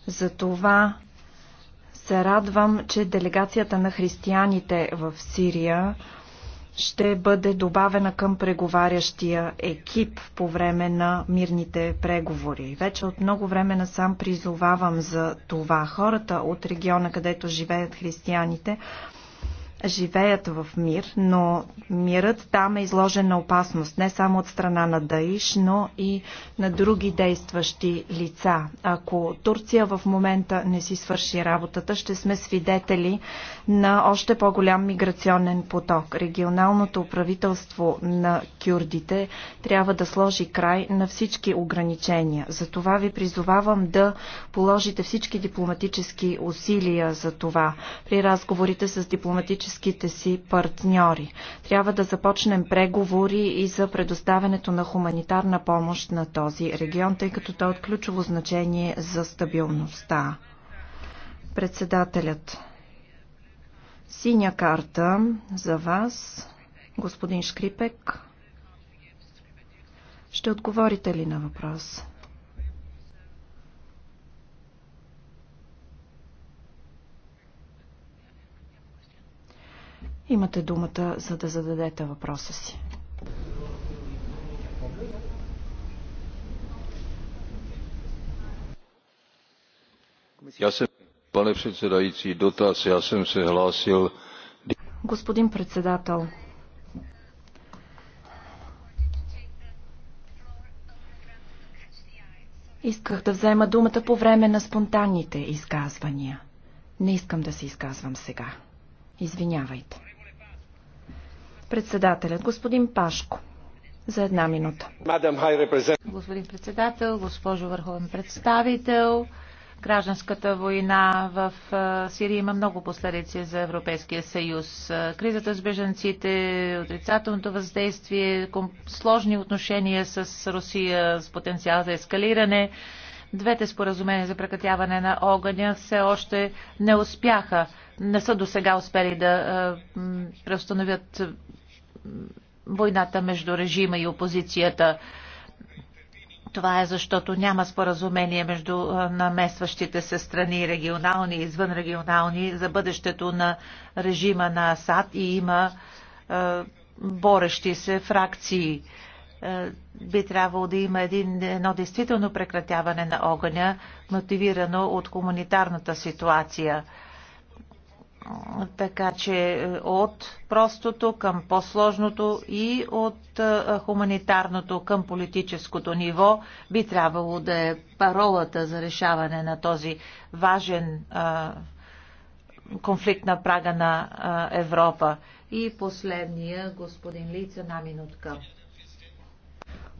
Затова се радвам, че делегацията на християните в Сирия ще бъде добавена към преговарящия екип по време на мирните преговори. Вече от много време насам призовавам за това. Хората от региона, където живеят християните, живеят в мир, но мирът там е изложен на опасност не само от страна на Даиш, но и на други действащи лица. Ако Турция в момента не си свърши работата, ще сме свидетели на още по-голям миграционен поток. Регионалното правителство на кюрдите трябва да сложи край на всички ограничения. Затова ви призовавам да положите всички дипломатически усилия за това. При разговорите с дипломатически политическите си партньори. Трябва да започнем преговори и за предоставянето на хуманитарна помощ на този регион, тъй като той е от ключово значение за стабилността. Председателят. Синя карта за вас, господин Шкрипек. Ще отговорите ли на въпроса? Имате думата, за да зададете въпроса си. Пане дотаз, аз съм се гласил. Господин председател, Исках да взема думата по време на спонтанните изказвания. Не искам да се изказвам сега. Извинявайте. Председателят господин Пашко за една минута. Господин председател, госпожо върховен представител, гражданската война в Сирия има много последици за Европейския съюз. Кризата с беженците, отрицателното въздействие, сложни отношения с Русия с потенциал за ескалиране Двете споразумения за прекратяване на огъня все още не успяха, не са до сега успели да е, преустановят войната между режима и опозицията. Това е защото няма споразумение между е, наместващите се страни, регионални и извънрегионални, за бъдещето на режима на Асад и има е, борещи се фракции. Е, би трябвало да има един, едно действително прекратяване на огъня, мотивирано от хуманитарната ситуация. Така че е, от простото към по-сложното и от е, хуманитарното към политическото ниво би трябвало да е паролата за решаване на този важен конфликт на прага на Европа. И последния, господин Лица, на минутка.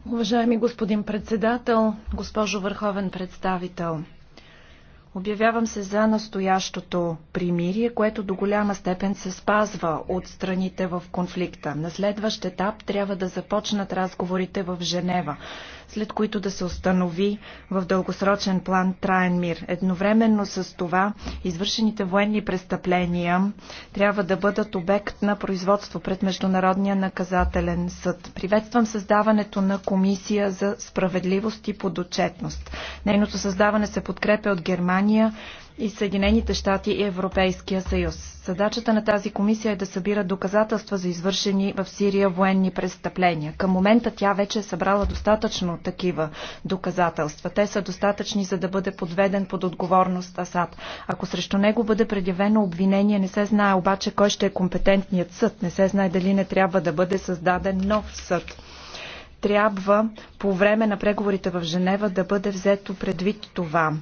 Уважаеми господин председател, госпожо върховен представител, Обявявам се за настоящото примирие, което до голяма степен се спазва от страните в конфликта. На следващ етап трябва да започнат разговорите в Женева, след които да се установи в дългосрочен план траен мир. Едновременно с това, извършените военни престъпления трябва да бъдат обект на производство пред Международния наказателен съд. Приветствам създаването на Комисия за справедливост и подотчетност. Нейното създаване се подкрепя от Германия Германия и Съединените щати и Европейския съюз. Задачата на тази комисия е да събира доказателства за извършени в Сирия военни престъпления. Към момента тя вече е събрала достатъчно такива доказателства. Те са достатъчни за да бъде подведен под отговорност Асад. Ако срещу него бъде предявено обвинение, не се знае обаче кой ще е компетентният съд. Не се знае дали не трябва да бъде създаден нов съд трябва по време на преговорите в Женева да бъде взето предвид това.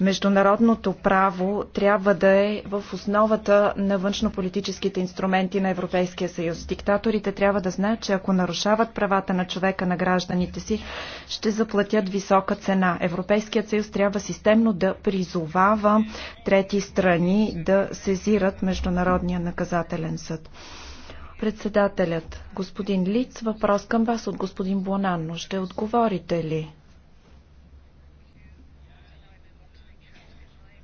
Международното право трябва да е в основата на външнополитическите инструменти на Европейския съюз. Диктаторите трябва да знаят, че ако нарушават правата на човека, на гражданите си, ще заплатят висока цена. Европейският съюз трябва системно да призовава трети страни да сезират Международния наказателен съд. Председателят, господин Лиц, въпрос към вас от господин Бонанно. Ще отговорите ли?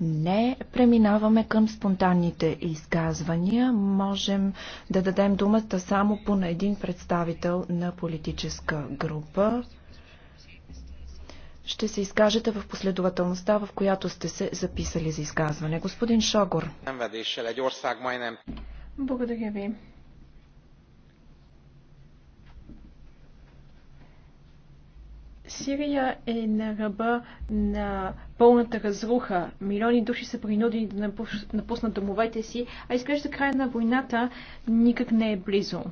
Не, преминаваме към спонтанните изказвания. Можем да дадем думата само по на един представител на политическа група. Ще се изкажете в последователността, в която сте се записали за изказване. Господин Шогор. Благодаря ви. Сирия е на ръба на пълната разруха. Милиони души са принудени да напуснат домовете си, а изглежда края на войната никак не е близо.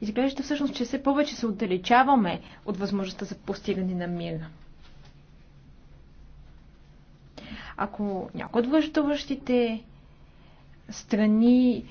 Изглежда всъщност, че все повече се отдалечаваме от възможността за постигане на мир. Ако някой от връщуващите страни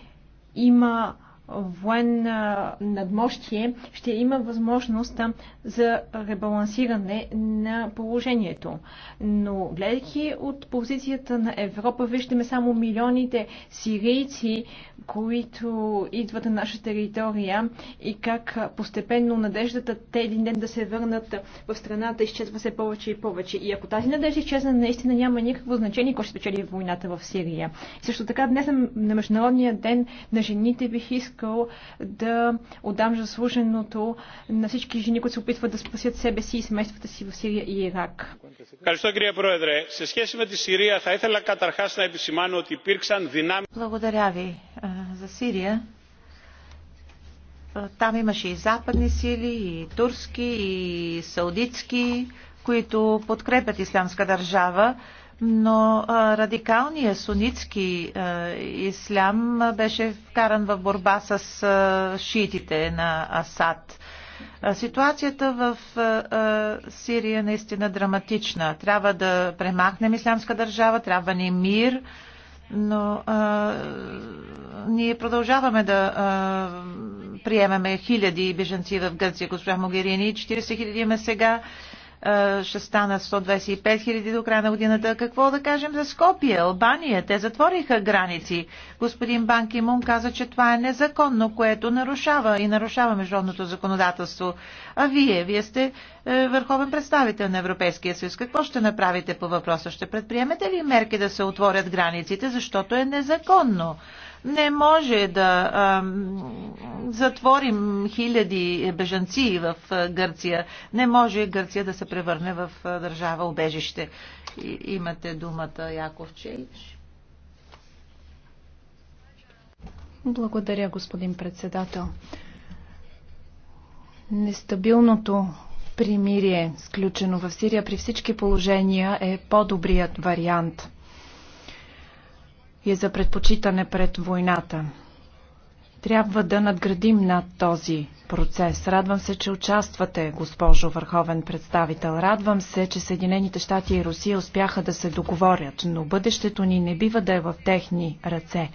има военна надмощие, ще има възможност за ребалансиране на положението. Но гледайки от позицията на Европа, виждаме само милионите сирийци, които идват на наша територия и как постепенно надеждата те един ден да се върнат в страната изчезва се повече и повече. И ако тази надежда изчезна, наистина няма никакво значение кой ще спечели войната в Сирия. също така днес на Международния ден на жените бих искал искал да отдам заслуженото на всички жени, които се опитват да спасят себе си и семействата си в Сирия и Ирак. Благодаря ви за Сирия. Там имаше и западни сили, и турски, и саудитски, които подкрепят ислямска държава но радикалният сунитски ислям беше вкаран в борба с шиитите на Асад. Ситуацията в Сирия е наистина драматична. Трябва да премахнем ислямска държава, трябва ни мир, но а, ние продължаваме да а, приемаме хиляди беженци в Гърция, госпожа Могерини, 40 хиляди има сега е, ще станат 125 000 до края на годината. Какво да кажем за Скопия, Албания? Те затвориха граници. Господин Банки Мун каза, че това е незаконно, което нарушава и нарушава международното законодателство. А вие, вие сте е, върховен представител на Европейския съюз. Какво ще направите по въпроса? Ще предприемете ли мерки да се отворят границите, защото е незаконно? Не може да а, затворим хиляди бежанци в Гърция. Не може Гърция да се превърне в държава обежище. имате думата, Яков Чеич. Благодаря, господин председател. Нестабилното примирие, сключено в Сирия, при всички положения е по-добрият вариант и е за предпочитане пред войната. Трябва да надградим над този процес. Радвам се, че участвате, госпожо Върховен представител. Радвам се, че Съединените щати и Русия успяха да се договорят, но бъдещето ни не бива да е в техни ръце.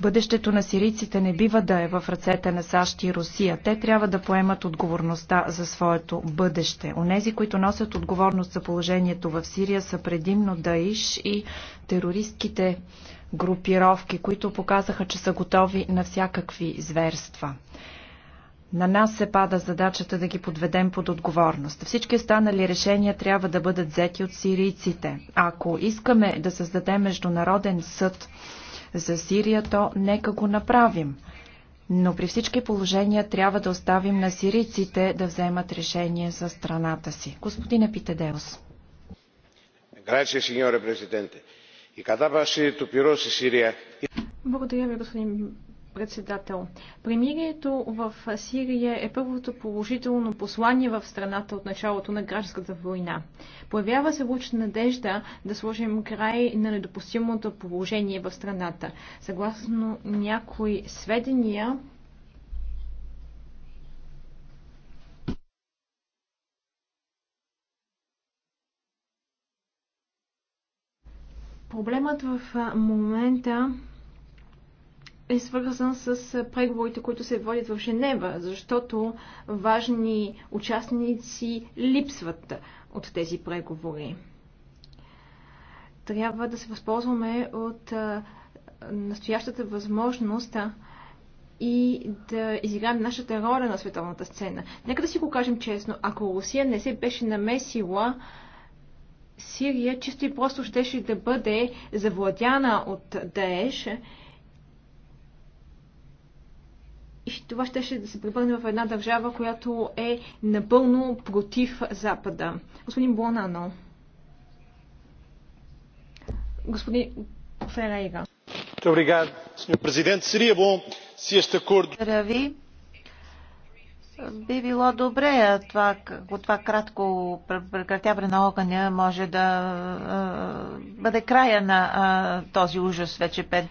Бъдещето на сирийците не бива да е в ръцете на САЩ и Русия. Те трябва да поемат отговорността за своето бъдеще. Онези, които носят отговорност за положението в Сирия, са предимно Даиш и терористските групировки, които показаха, че са готови на всякакви зверства. На нас се пада задачата да ги подведем под отговорност. Всички останали решения трябва да бъдат взети от сирийците. Ако искаме да създадем международен съд, за Сирия, то нека го направим. Но при всички положения трябва да оставим на сирийците да вземат решение за страната си. Господине Питедеос. Благодаря ви, господин председател. Премирието в Сирия е първото положително послание в страната от началото на гражданската война. Появява се луч надежда да сложим край на недопустимото положение в страната. Съгласно някои сведения, Проблемът в момента е свързан с преговорите, които се водят в Женева, защото важни участници липсват от тези преговори. Трябва да се възползваме от настоящата възможност и да изиграем нашата роля на световната сцена. Нека да си го кажем честно, ако Русия не се беше намесила, Сирия чисто и просто щеше да бъде завладяна от Даеш това ще да се превърне в една държава, която е напълно против Запада. Господин Буонано. Господин Ферейра. Obrigado, президент Presidente. Seria bom se este Би било добре, това, това кратко прекратяване на огъня може да а, бъде края на а, този ужас вече пет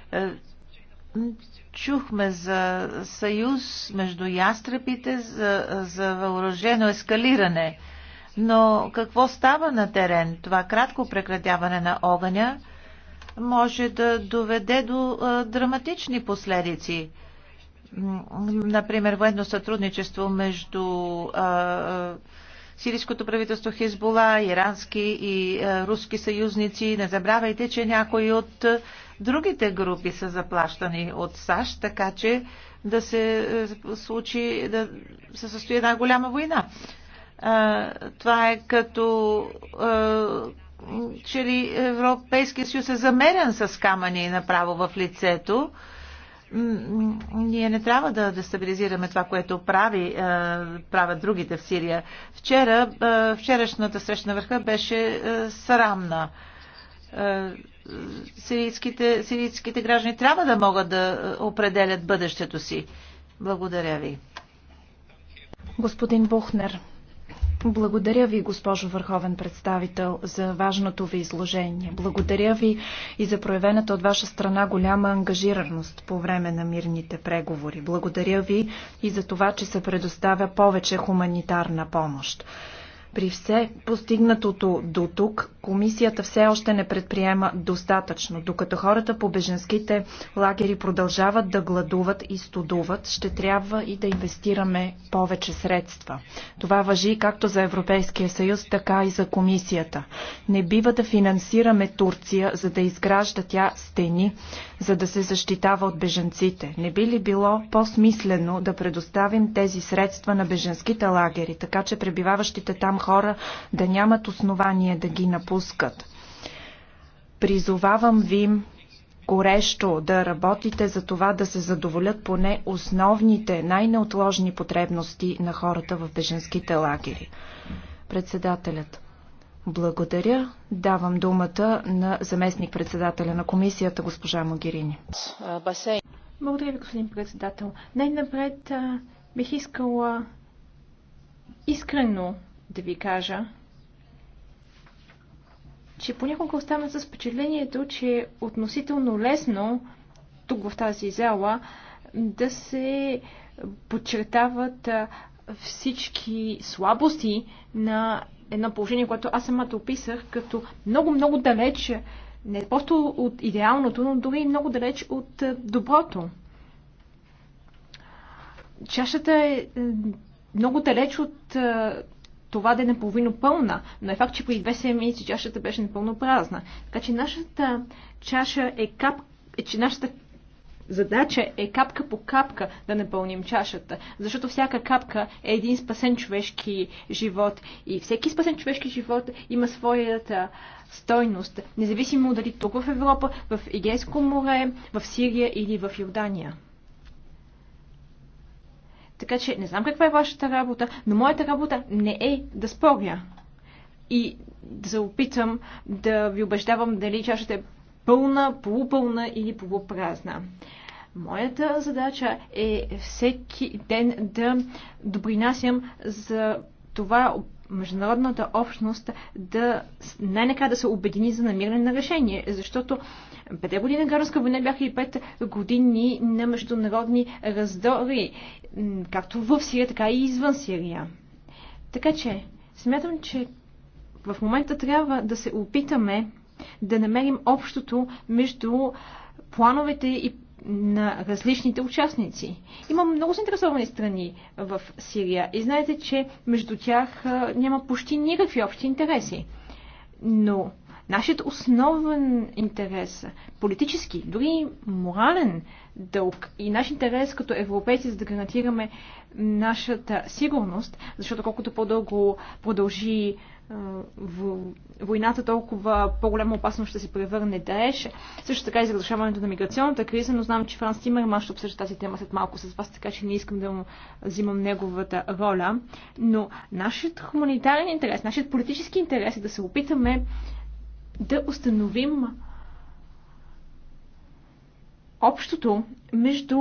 чухме за съюз между ястребите за, за въоръжено ескалиране. Но какво става на терен? Това кратко прекратяване на огъня може да доведе до а, драматични последици. Например, военно сътрудничество между а, сирийското правителство Хизбола, ирански и а, руски съюзници. Не забравяйте, че някои от а, Другите групи са заплащани от САЩ, така че да се е, случи, да се състои една голяма война. Това е като че ли Европейския съюз е замерен с камъни направо в лицето ние не трябва да дестабилизираме това, което прави, правят другите в Сирия. Вчера, вчерашната среща на върха беше срамна сирийските, сирийските граждани трябва да могат да е, определят бъдещето си. Благодаря ви. Господин Бухнер, благодаря ви, госпожо Върховен представител, за важното ви изложение. Благодаря ви и за проявената от ваша страна голяма ангажираност по време на мирните преговори. Благодаря ви и за това, че се предоставя повече хуманитарна помощ. При все постигнатото до тук, комисията все още не предприема достатъчно. Докато хората по беженските лагери продължават да гладуват и студуват, ще трябва и да инвестираме повече средства. Това въжи както за Европейския съюз, така и за комисията. Не бива да финансираме Турция, за да изгражда тя стени, за да се защитава от беженците. Не би ли било по-смислено да предоставим тези средства на беженските лагери, така че пребиваващите там хора да нямат основание да ги напускат. Призовавам ви горещо да работите за това да се задоволят поне основните, най-неотложни потребности на хората в беженските лагери. Председателят. Благодаря. Давам думата на заместник-председателя на комисията, госпожа Могирини. Благодаря ви, господин председател. Най-напред бих искала искрено да ви кажа, че понякога оставам с впечатлението, че е относително лесно тук в тази зала да се подчертават всички слабости на едно положение, което аз самата описах като много-много далеч, не просто от идеалното, но дори и много далеч от доброто. Чашата е много далеч от това да е наполовино пълна, но е факт, че преди две седмици чашата беше напълно празна. Така че нашата чаша е кап, е, че нашата задача е капка по капка да напълним чашата, защото всяка капка е един спасен човешки живот и всеки спасен човешки живот има своята стойност, независимо дали тук в Европа, в Егейско море, в Сирия или в Йордания. Така че не знам каква е вашата работа, но моята работа не е да споря и да се опитам да ви убеждавам дали чашата е пълна, полупълна или полупразна. Моята задача е всеки ден да допринасям за това международната общност да най-накрая да се обедини за намиране на решение, защото пете години на гражданска война бяха и пет години на международни раздори, както в Сирия, така и извън Сирия. Така че, смятам, че в момента трябва да се опитаме да намерим общото между плановете и на различните участници. Има много заинтересовани страни в Сирия и знаете, че между тях няма почти никакви общи интереси. Но нашият основен интерес, политически, дори морален дълг и наш интерес като европейци, за да гарантираме нашата сигурност, защото колкото по-дълго продължи е, войната, толкова по-голяма опасност ще се превърне Даеш. Също така и за разрешаването на миграционната криза, но знам, че Франс Тимерман ще обсъжда тази тема след малко с вас, така че не искам да му взимам неговата роля. Но нашият хуманитарен интерес, нашият политически интерес е да се опитаме да установим общото между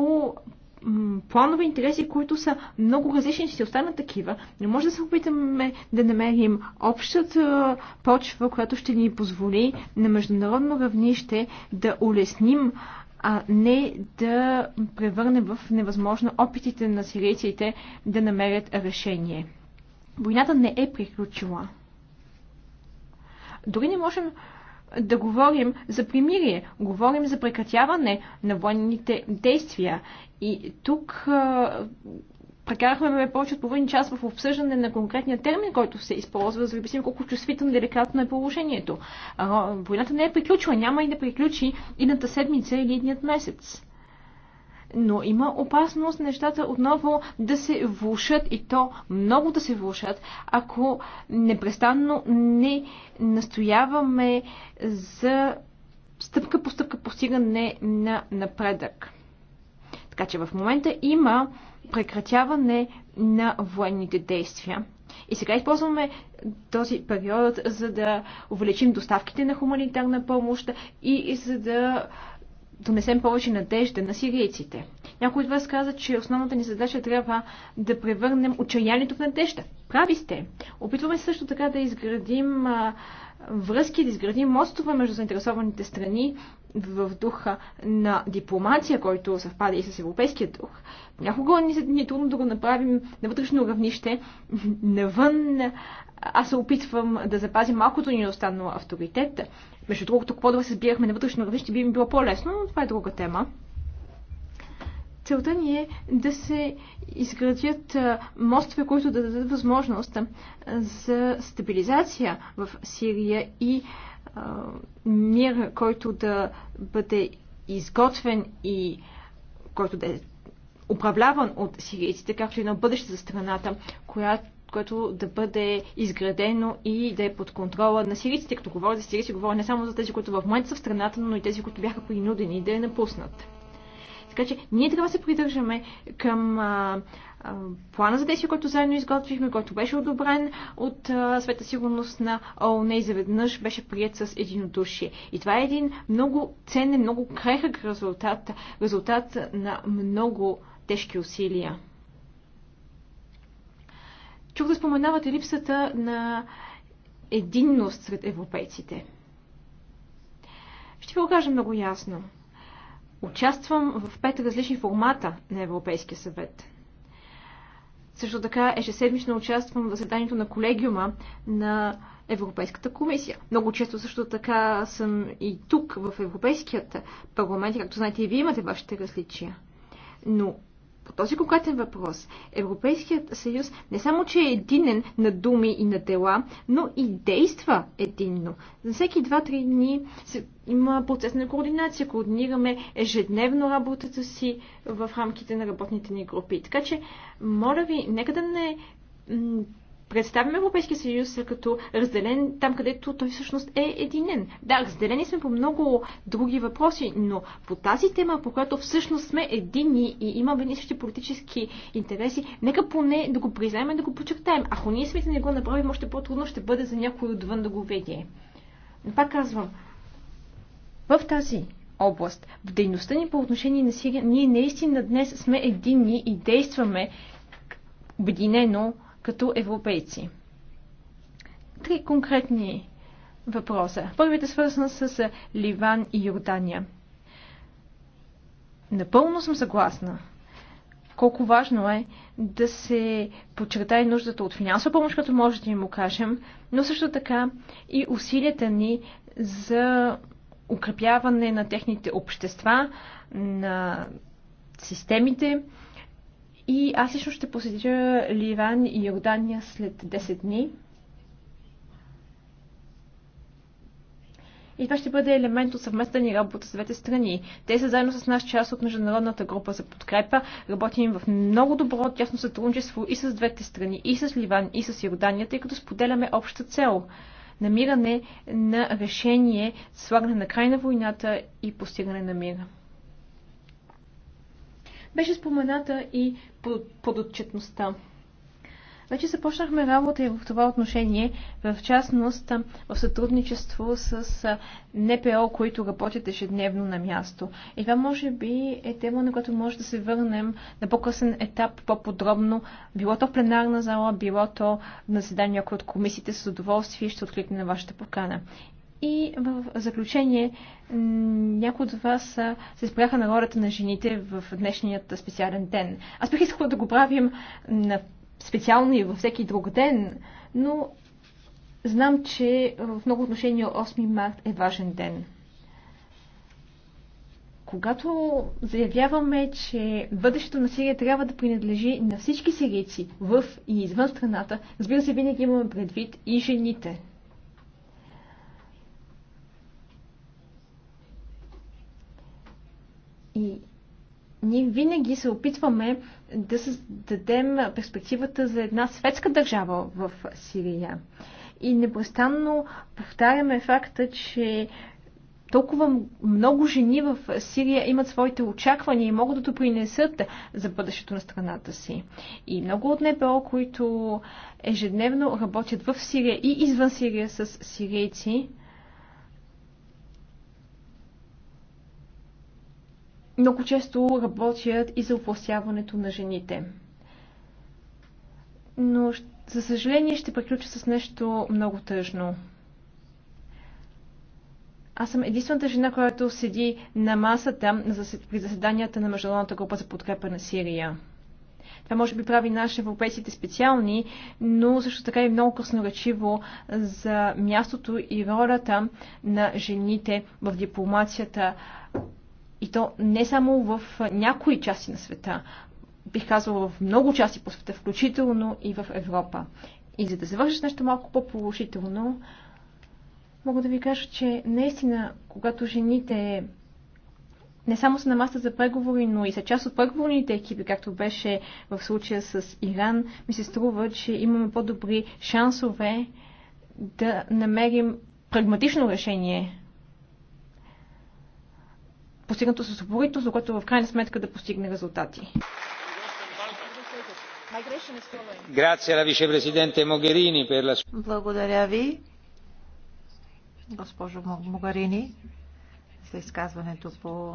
планове интереси, които са много различни, ще останат такива, но може да се опитаме да намерим общата почва, която ще ни позволи на международно равнище да улесним а не да превърне в невъзможно опитите на сирийците да намерят решение. Войната не е приключила. Дори не можем да говорим за примирие, говорим за прекратяване на военните действия. И тук прекарахме повече от половин час в обсъждане на конкретния термин, който се използва, за да обясним колко чувствително деликатно е положението. войната не е приключила, няма и да приключи едната седмица или едният месец но има опасност нещата отново да се влушат и то много да се влушат, ако непрестанно не настояваме за стъпка по стъпка постигане на напредък. Така че в момента има прекратяване на военните действия. И сега използваме този период, за да увеличим доставките на хуманитарна помощ и за да донесем повече надежда на сирийците. Някой от вас каза, че основната ни задача трябва да превърнем отчаянието в надежда. Прави сте. Опитваме също така да изградим а, връзки, да изградим мостове между заинтересованите страни в духа на дипломация, който съвпада и с европейския дух. Някога ни, ни е трудно да го направим на вътрешно равнище, навън аз се опитвам да запазя малкото ни останало авторитет. Между другото, какво да се сбирахме на вътрешно равнище, би ми било по-лесно, но това е друга тема. Целта ни е да се изградят мостове, които да дадат възможност за стабилизация в Сирия и а, мир, който да бъде изготвен и който да е управляван от сирийците, както и на бъдеще за страната, която което да бъде изградено и да е под контрола на сирийците. Като говоря за сирийци, говоря не само за тези, които в момента са в страната, но и тези, които бяха принудени да я напуснат. Така че ние трябва да се придържаме към а, а, плана за действие, който заедно изготвихме, който беше одобрен от а, Света сигурност на ООН и заведнъж беше прият с единодушие. И това е един много ценен, много крехък резултат, резултат на много тежки усилия. Чух да споменавате липсата на единност сред европейците. Ще ви го кажа много ясно. Участвам в пет различни формата на Европейския съвет. Също така ежеседмично участвам в заседанието на колегиума на Европейската комисия. Много често също така съм и тук в Европейският парламент, както знаете и вие имате вашите различия. Но по този конкретен въпрос Европейският съюз не само, че е единен на думи и на дела, но и действа единно. За всеки 2-3 дни има процес на координация. Координираме ежедневно работата си в рамките на работните ни групи. Така че, моля ви, нека да не представим Европейския съюз като разделен там, където той всъщност е единен. Да, разделени сме по много други въпроси, но по тази тема, по която всъщност сме едини и имаме едни политически интереси, нека поне да го признаем и да го подчертаем. Ако ние сме да не го направим, още по-трудно ще бъде за някой отвън да го види. Но пак казвам, в тази област, в дейността ни по отношение на Сирия, ние наистина днес сме единни и действаме обединено като европейци. Три конкретни въпроса. Първият е свързан с Ливан и Йордания. Напълно съм съгласна колко важно е да се подчертае нуждата от финансова помощ, като може да им окажем, но също така и усилията ни за укрепяване на техните общества, на системите, и аз лично ще посетя Ливан и Йордания след 10 дни. И това ще бъде елемент от съвместна ни работа с двете страни. Те са заедно с нас част от Международната група за подкрепа. Работим в много добро тясно сътрудничество и с двете страни, и с Ливан, и с Йордания, тъй като споделяме обща цел намиране на решение, слагане на край на войната и постигане на мира. Беше спомената и подотчетността. Вече започнахме работа и в това отношение, в частност в сътрудничество с НПО, които работят ежедневно на място. И това може би е тема, на която може да се върнем на по-късен етап, по-подробно, било то в пленарна зала, било то на заседание от комисиите, с удоволствие ще откликне на вашата покана. И в заключение, някои от вас се спряха на ролята на жените в днешният специален ден. Аз бих искала да го правим на специално и във всеки друг ден, но знам, че в много отношения 8 март е важен ден. Когато заявяваме, че бъдещето на Сирия трябва да принадлежи на всички сирийци в и извън страната, разбира се, винаги имаме предвид и жените. И ние винаги се опитваме да създадем перспективата за една светска държава в Сирия. И непрестанно повтаряме факта, че толкова много жени в Сирия имат своите очаквания и могат да допринесат за бъдещето на страната си. И много от НПО, които ежедневно работят в Сирия и извън Сирия с сирийци, много често работят и за опласяването на жените. Но, за съжаление, ще приключа с нещо много тъжно. Аз съм единствената жена, която седи на масата при заседанията на Международната група за подкрепа на Сирия. Това може би прави наши европейците специални, но също така и много красноречиво за мястото и ролята на жените в дипломацията и то не само в някои части на света, бих казала в много части по света, включително и в Европа. И за да завършиш нещо малко по-положително, мога да ви кажа, че наистина, когато жените не само са на маса за преговори, но и са част от преговорните екипи, както беше в случая с Иран, ми се струва, че имаме по-добри шансове да намерим прагматично решение постигнато с упоритост, което в крайна сметка да постигне резултати. Благодаря ви, госпожо Могарини, за изказването по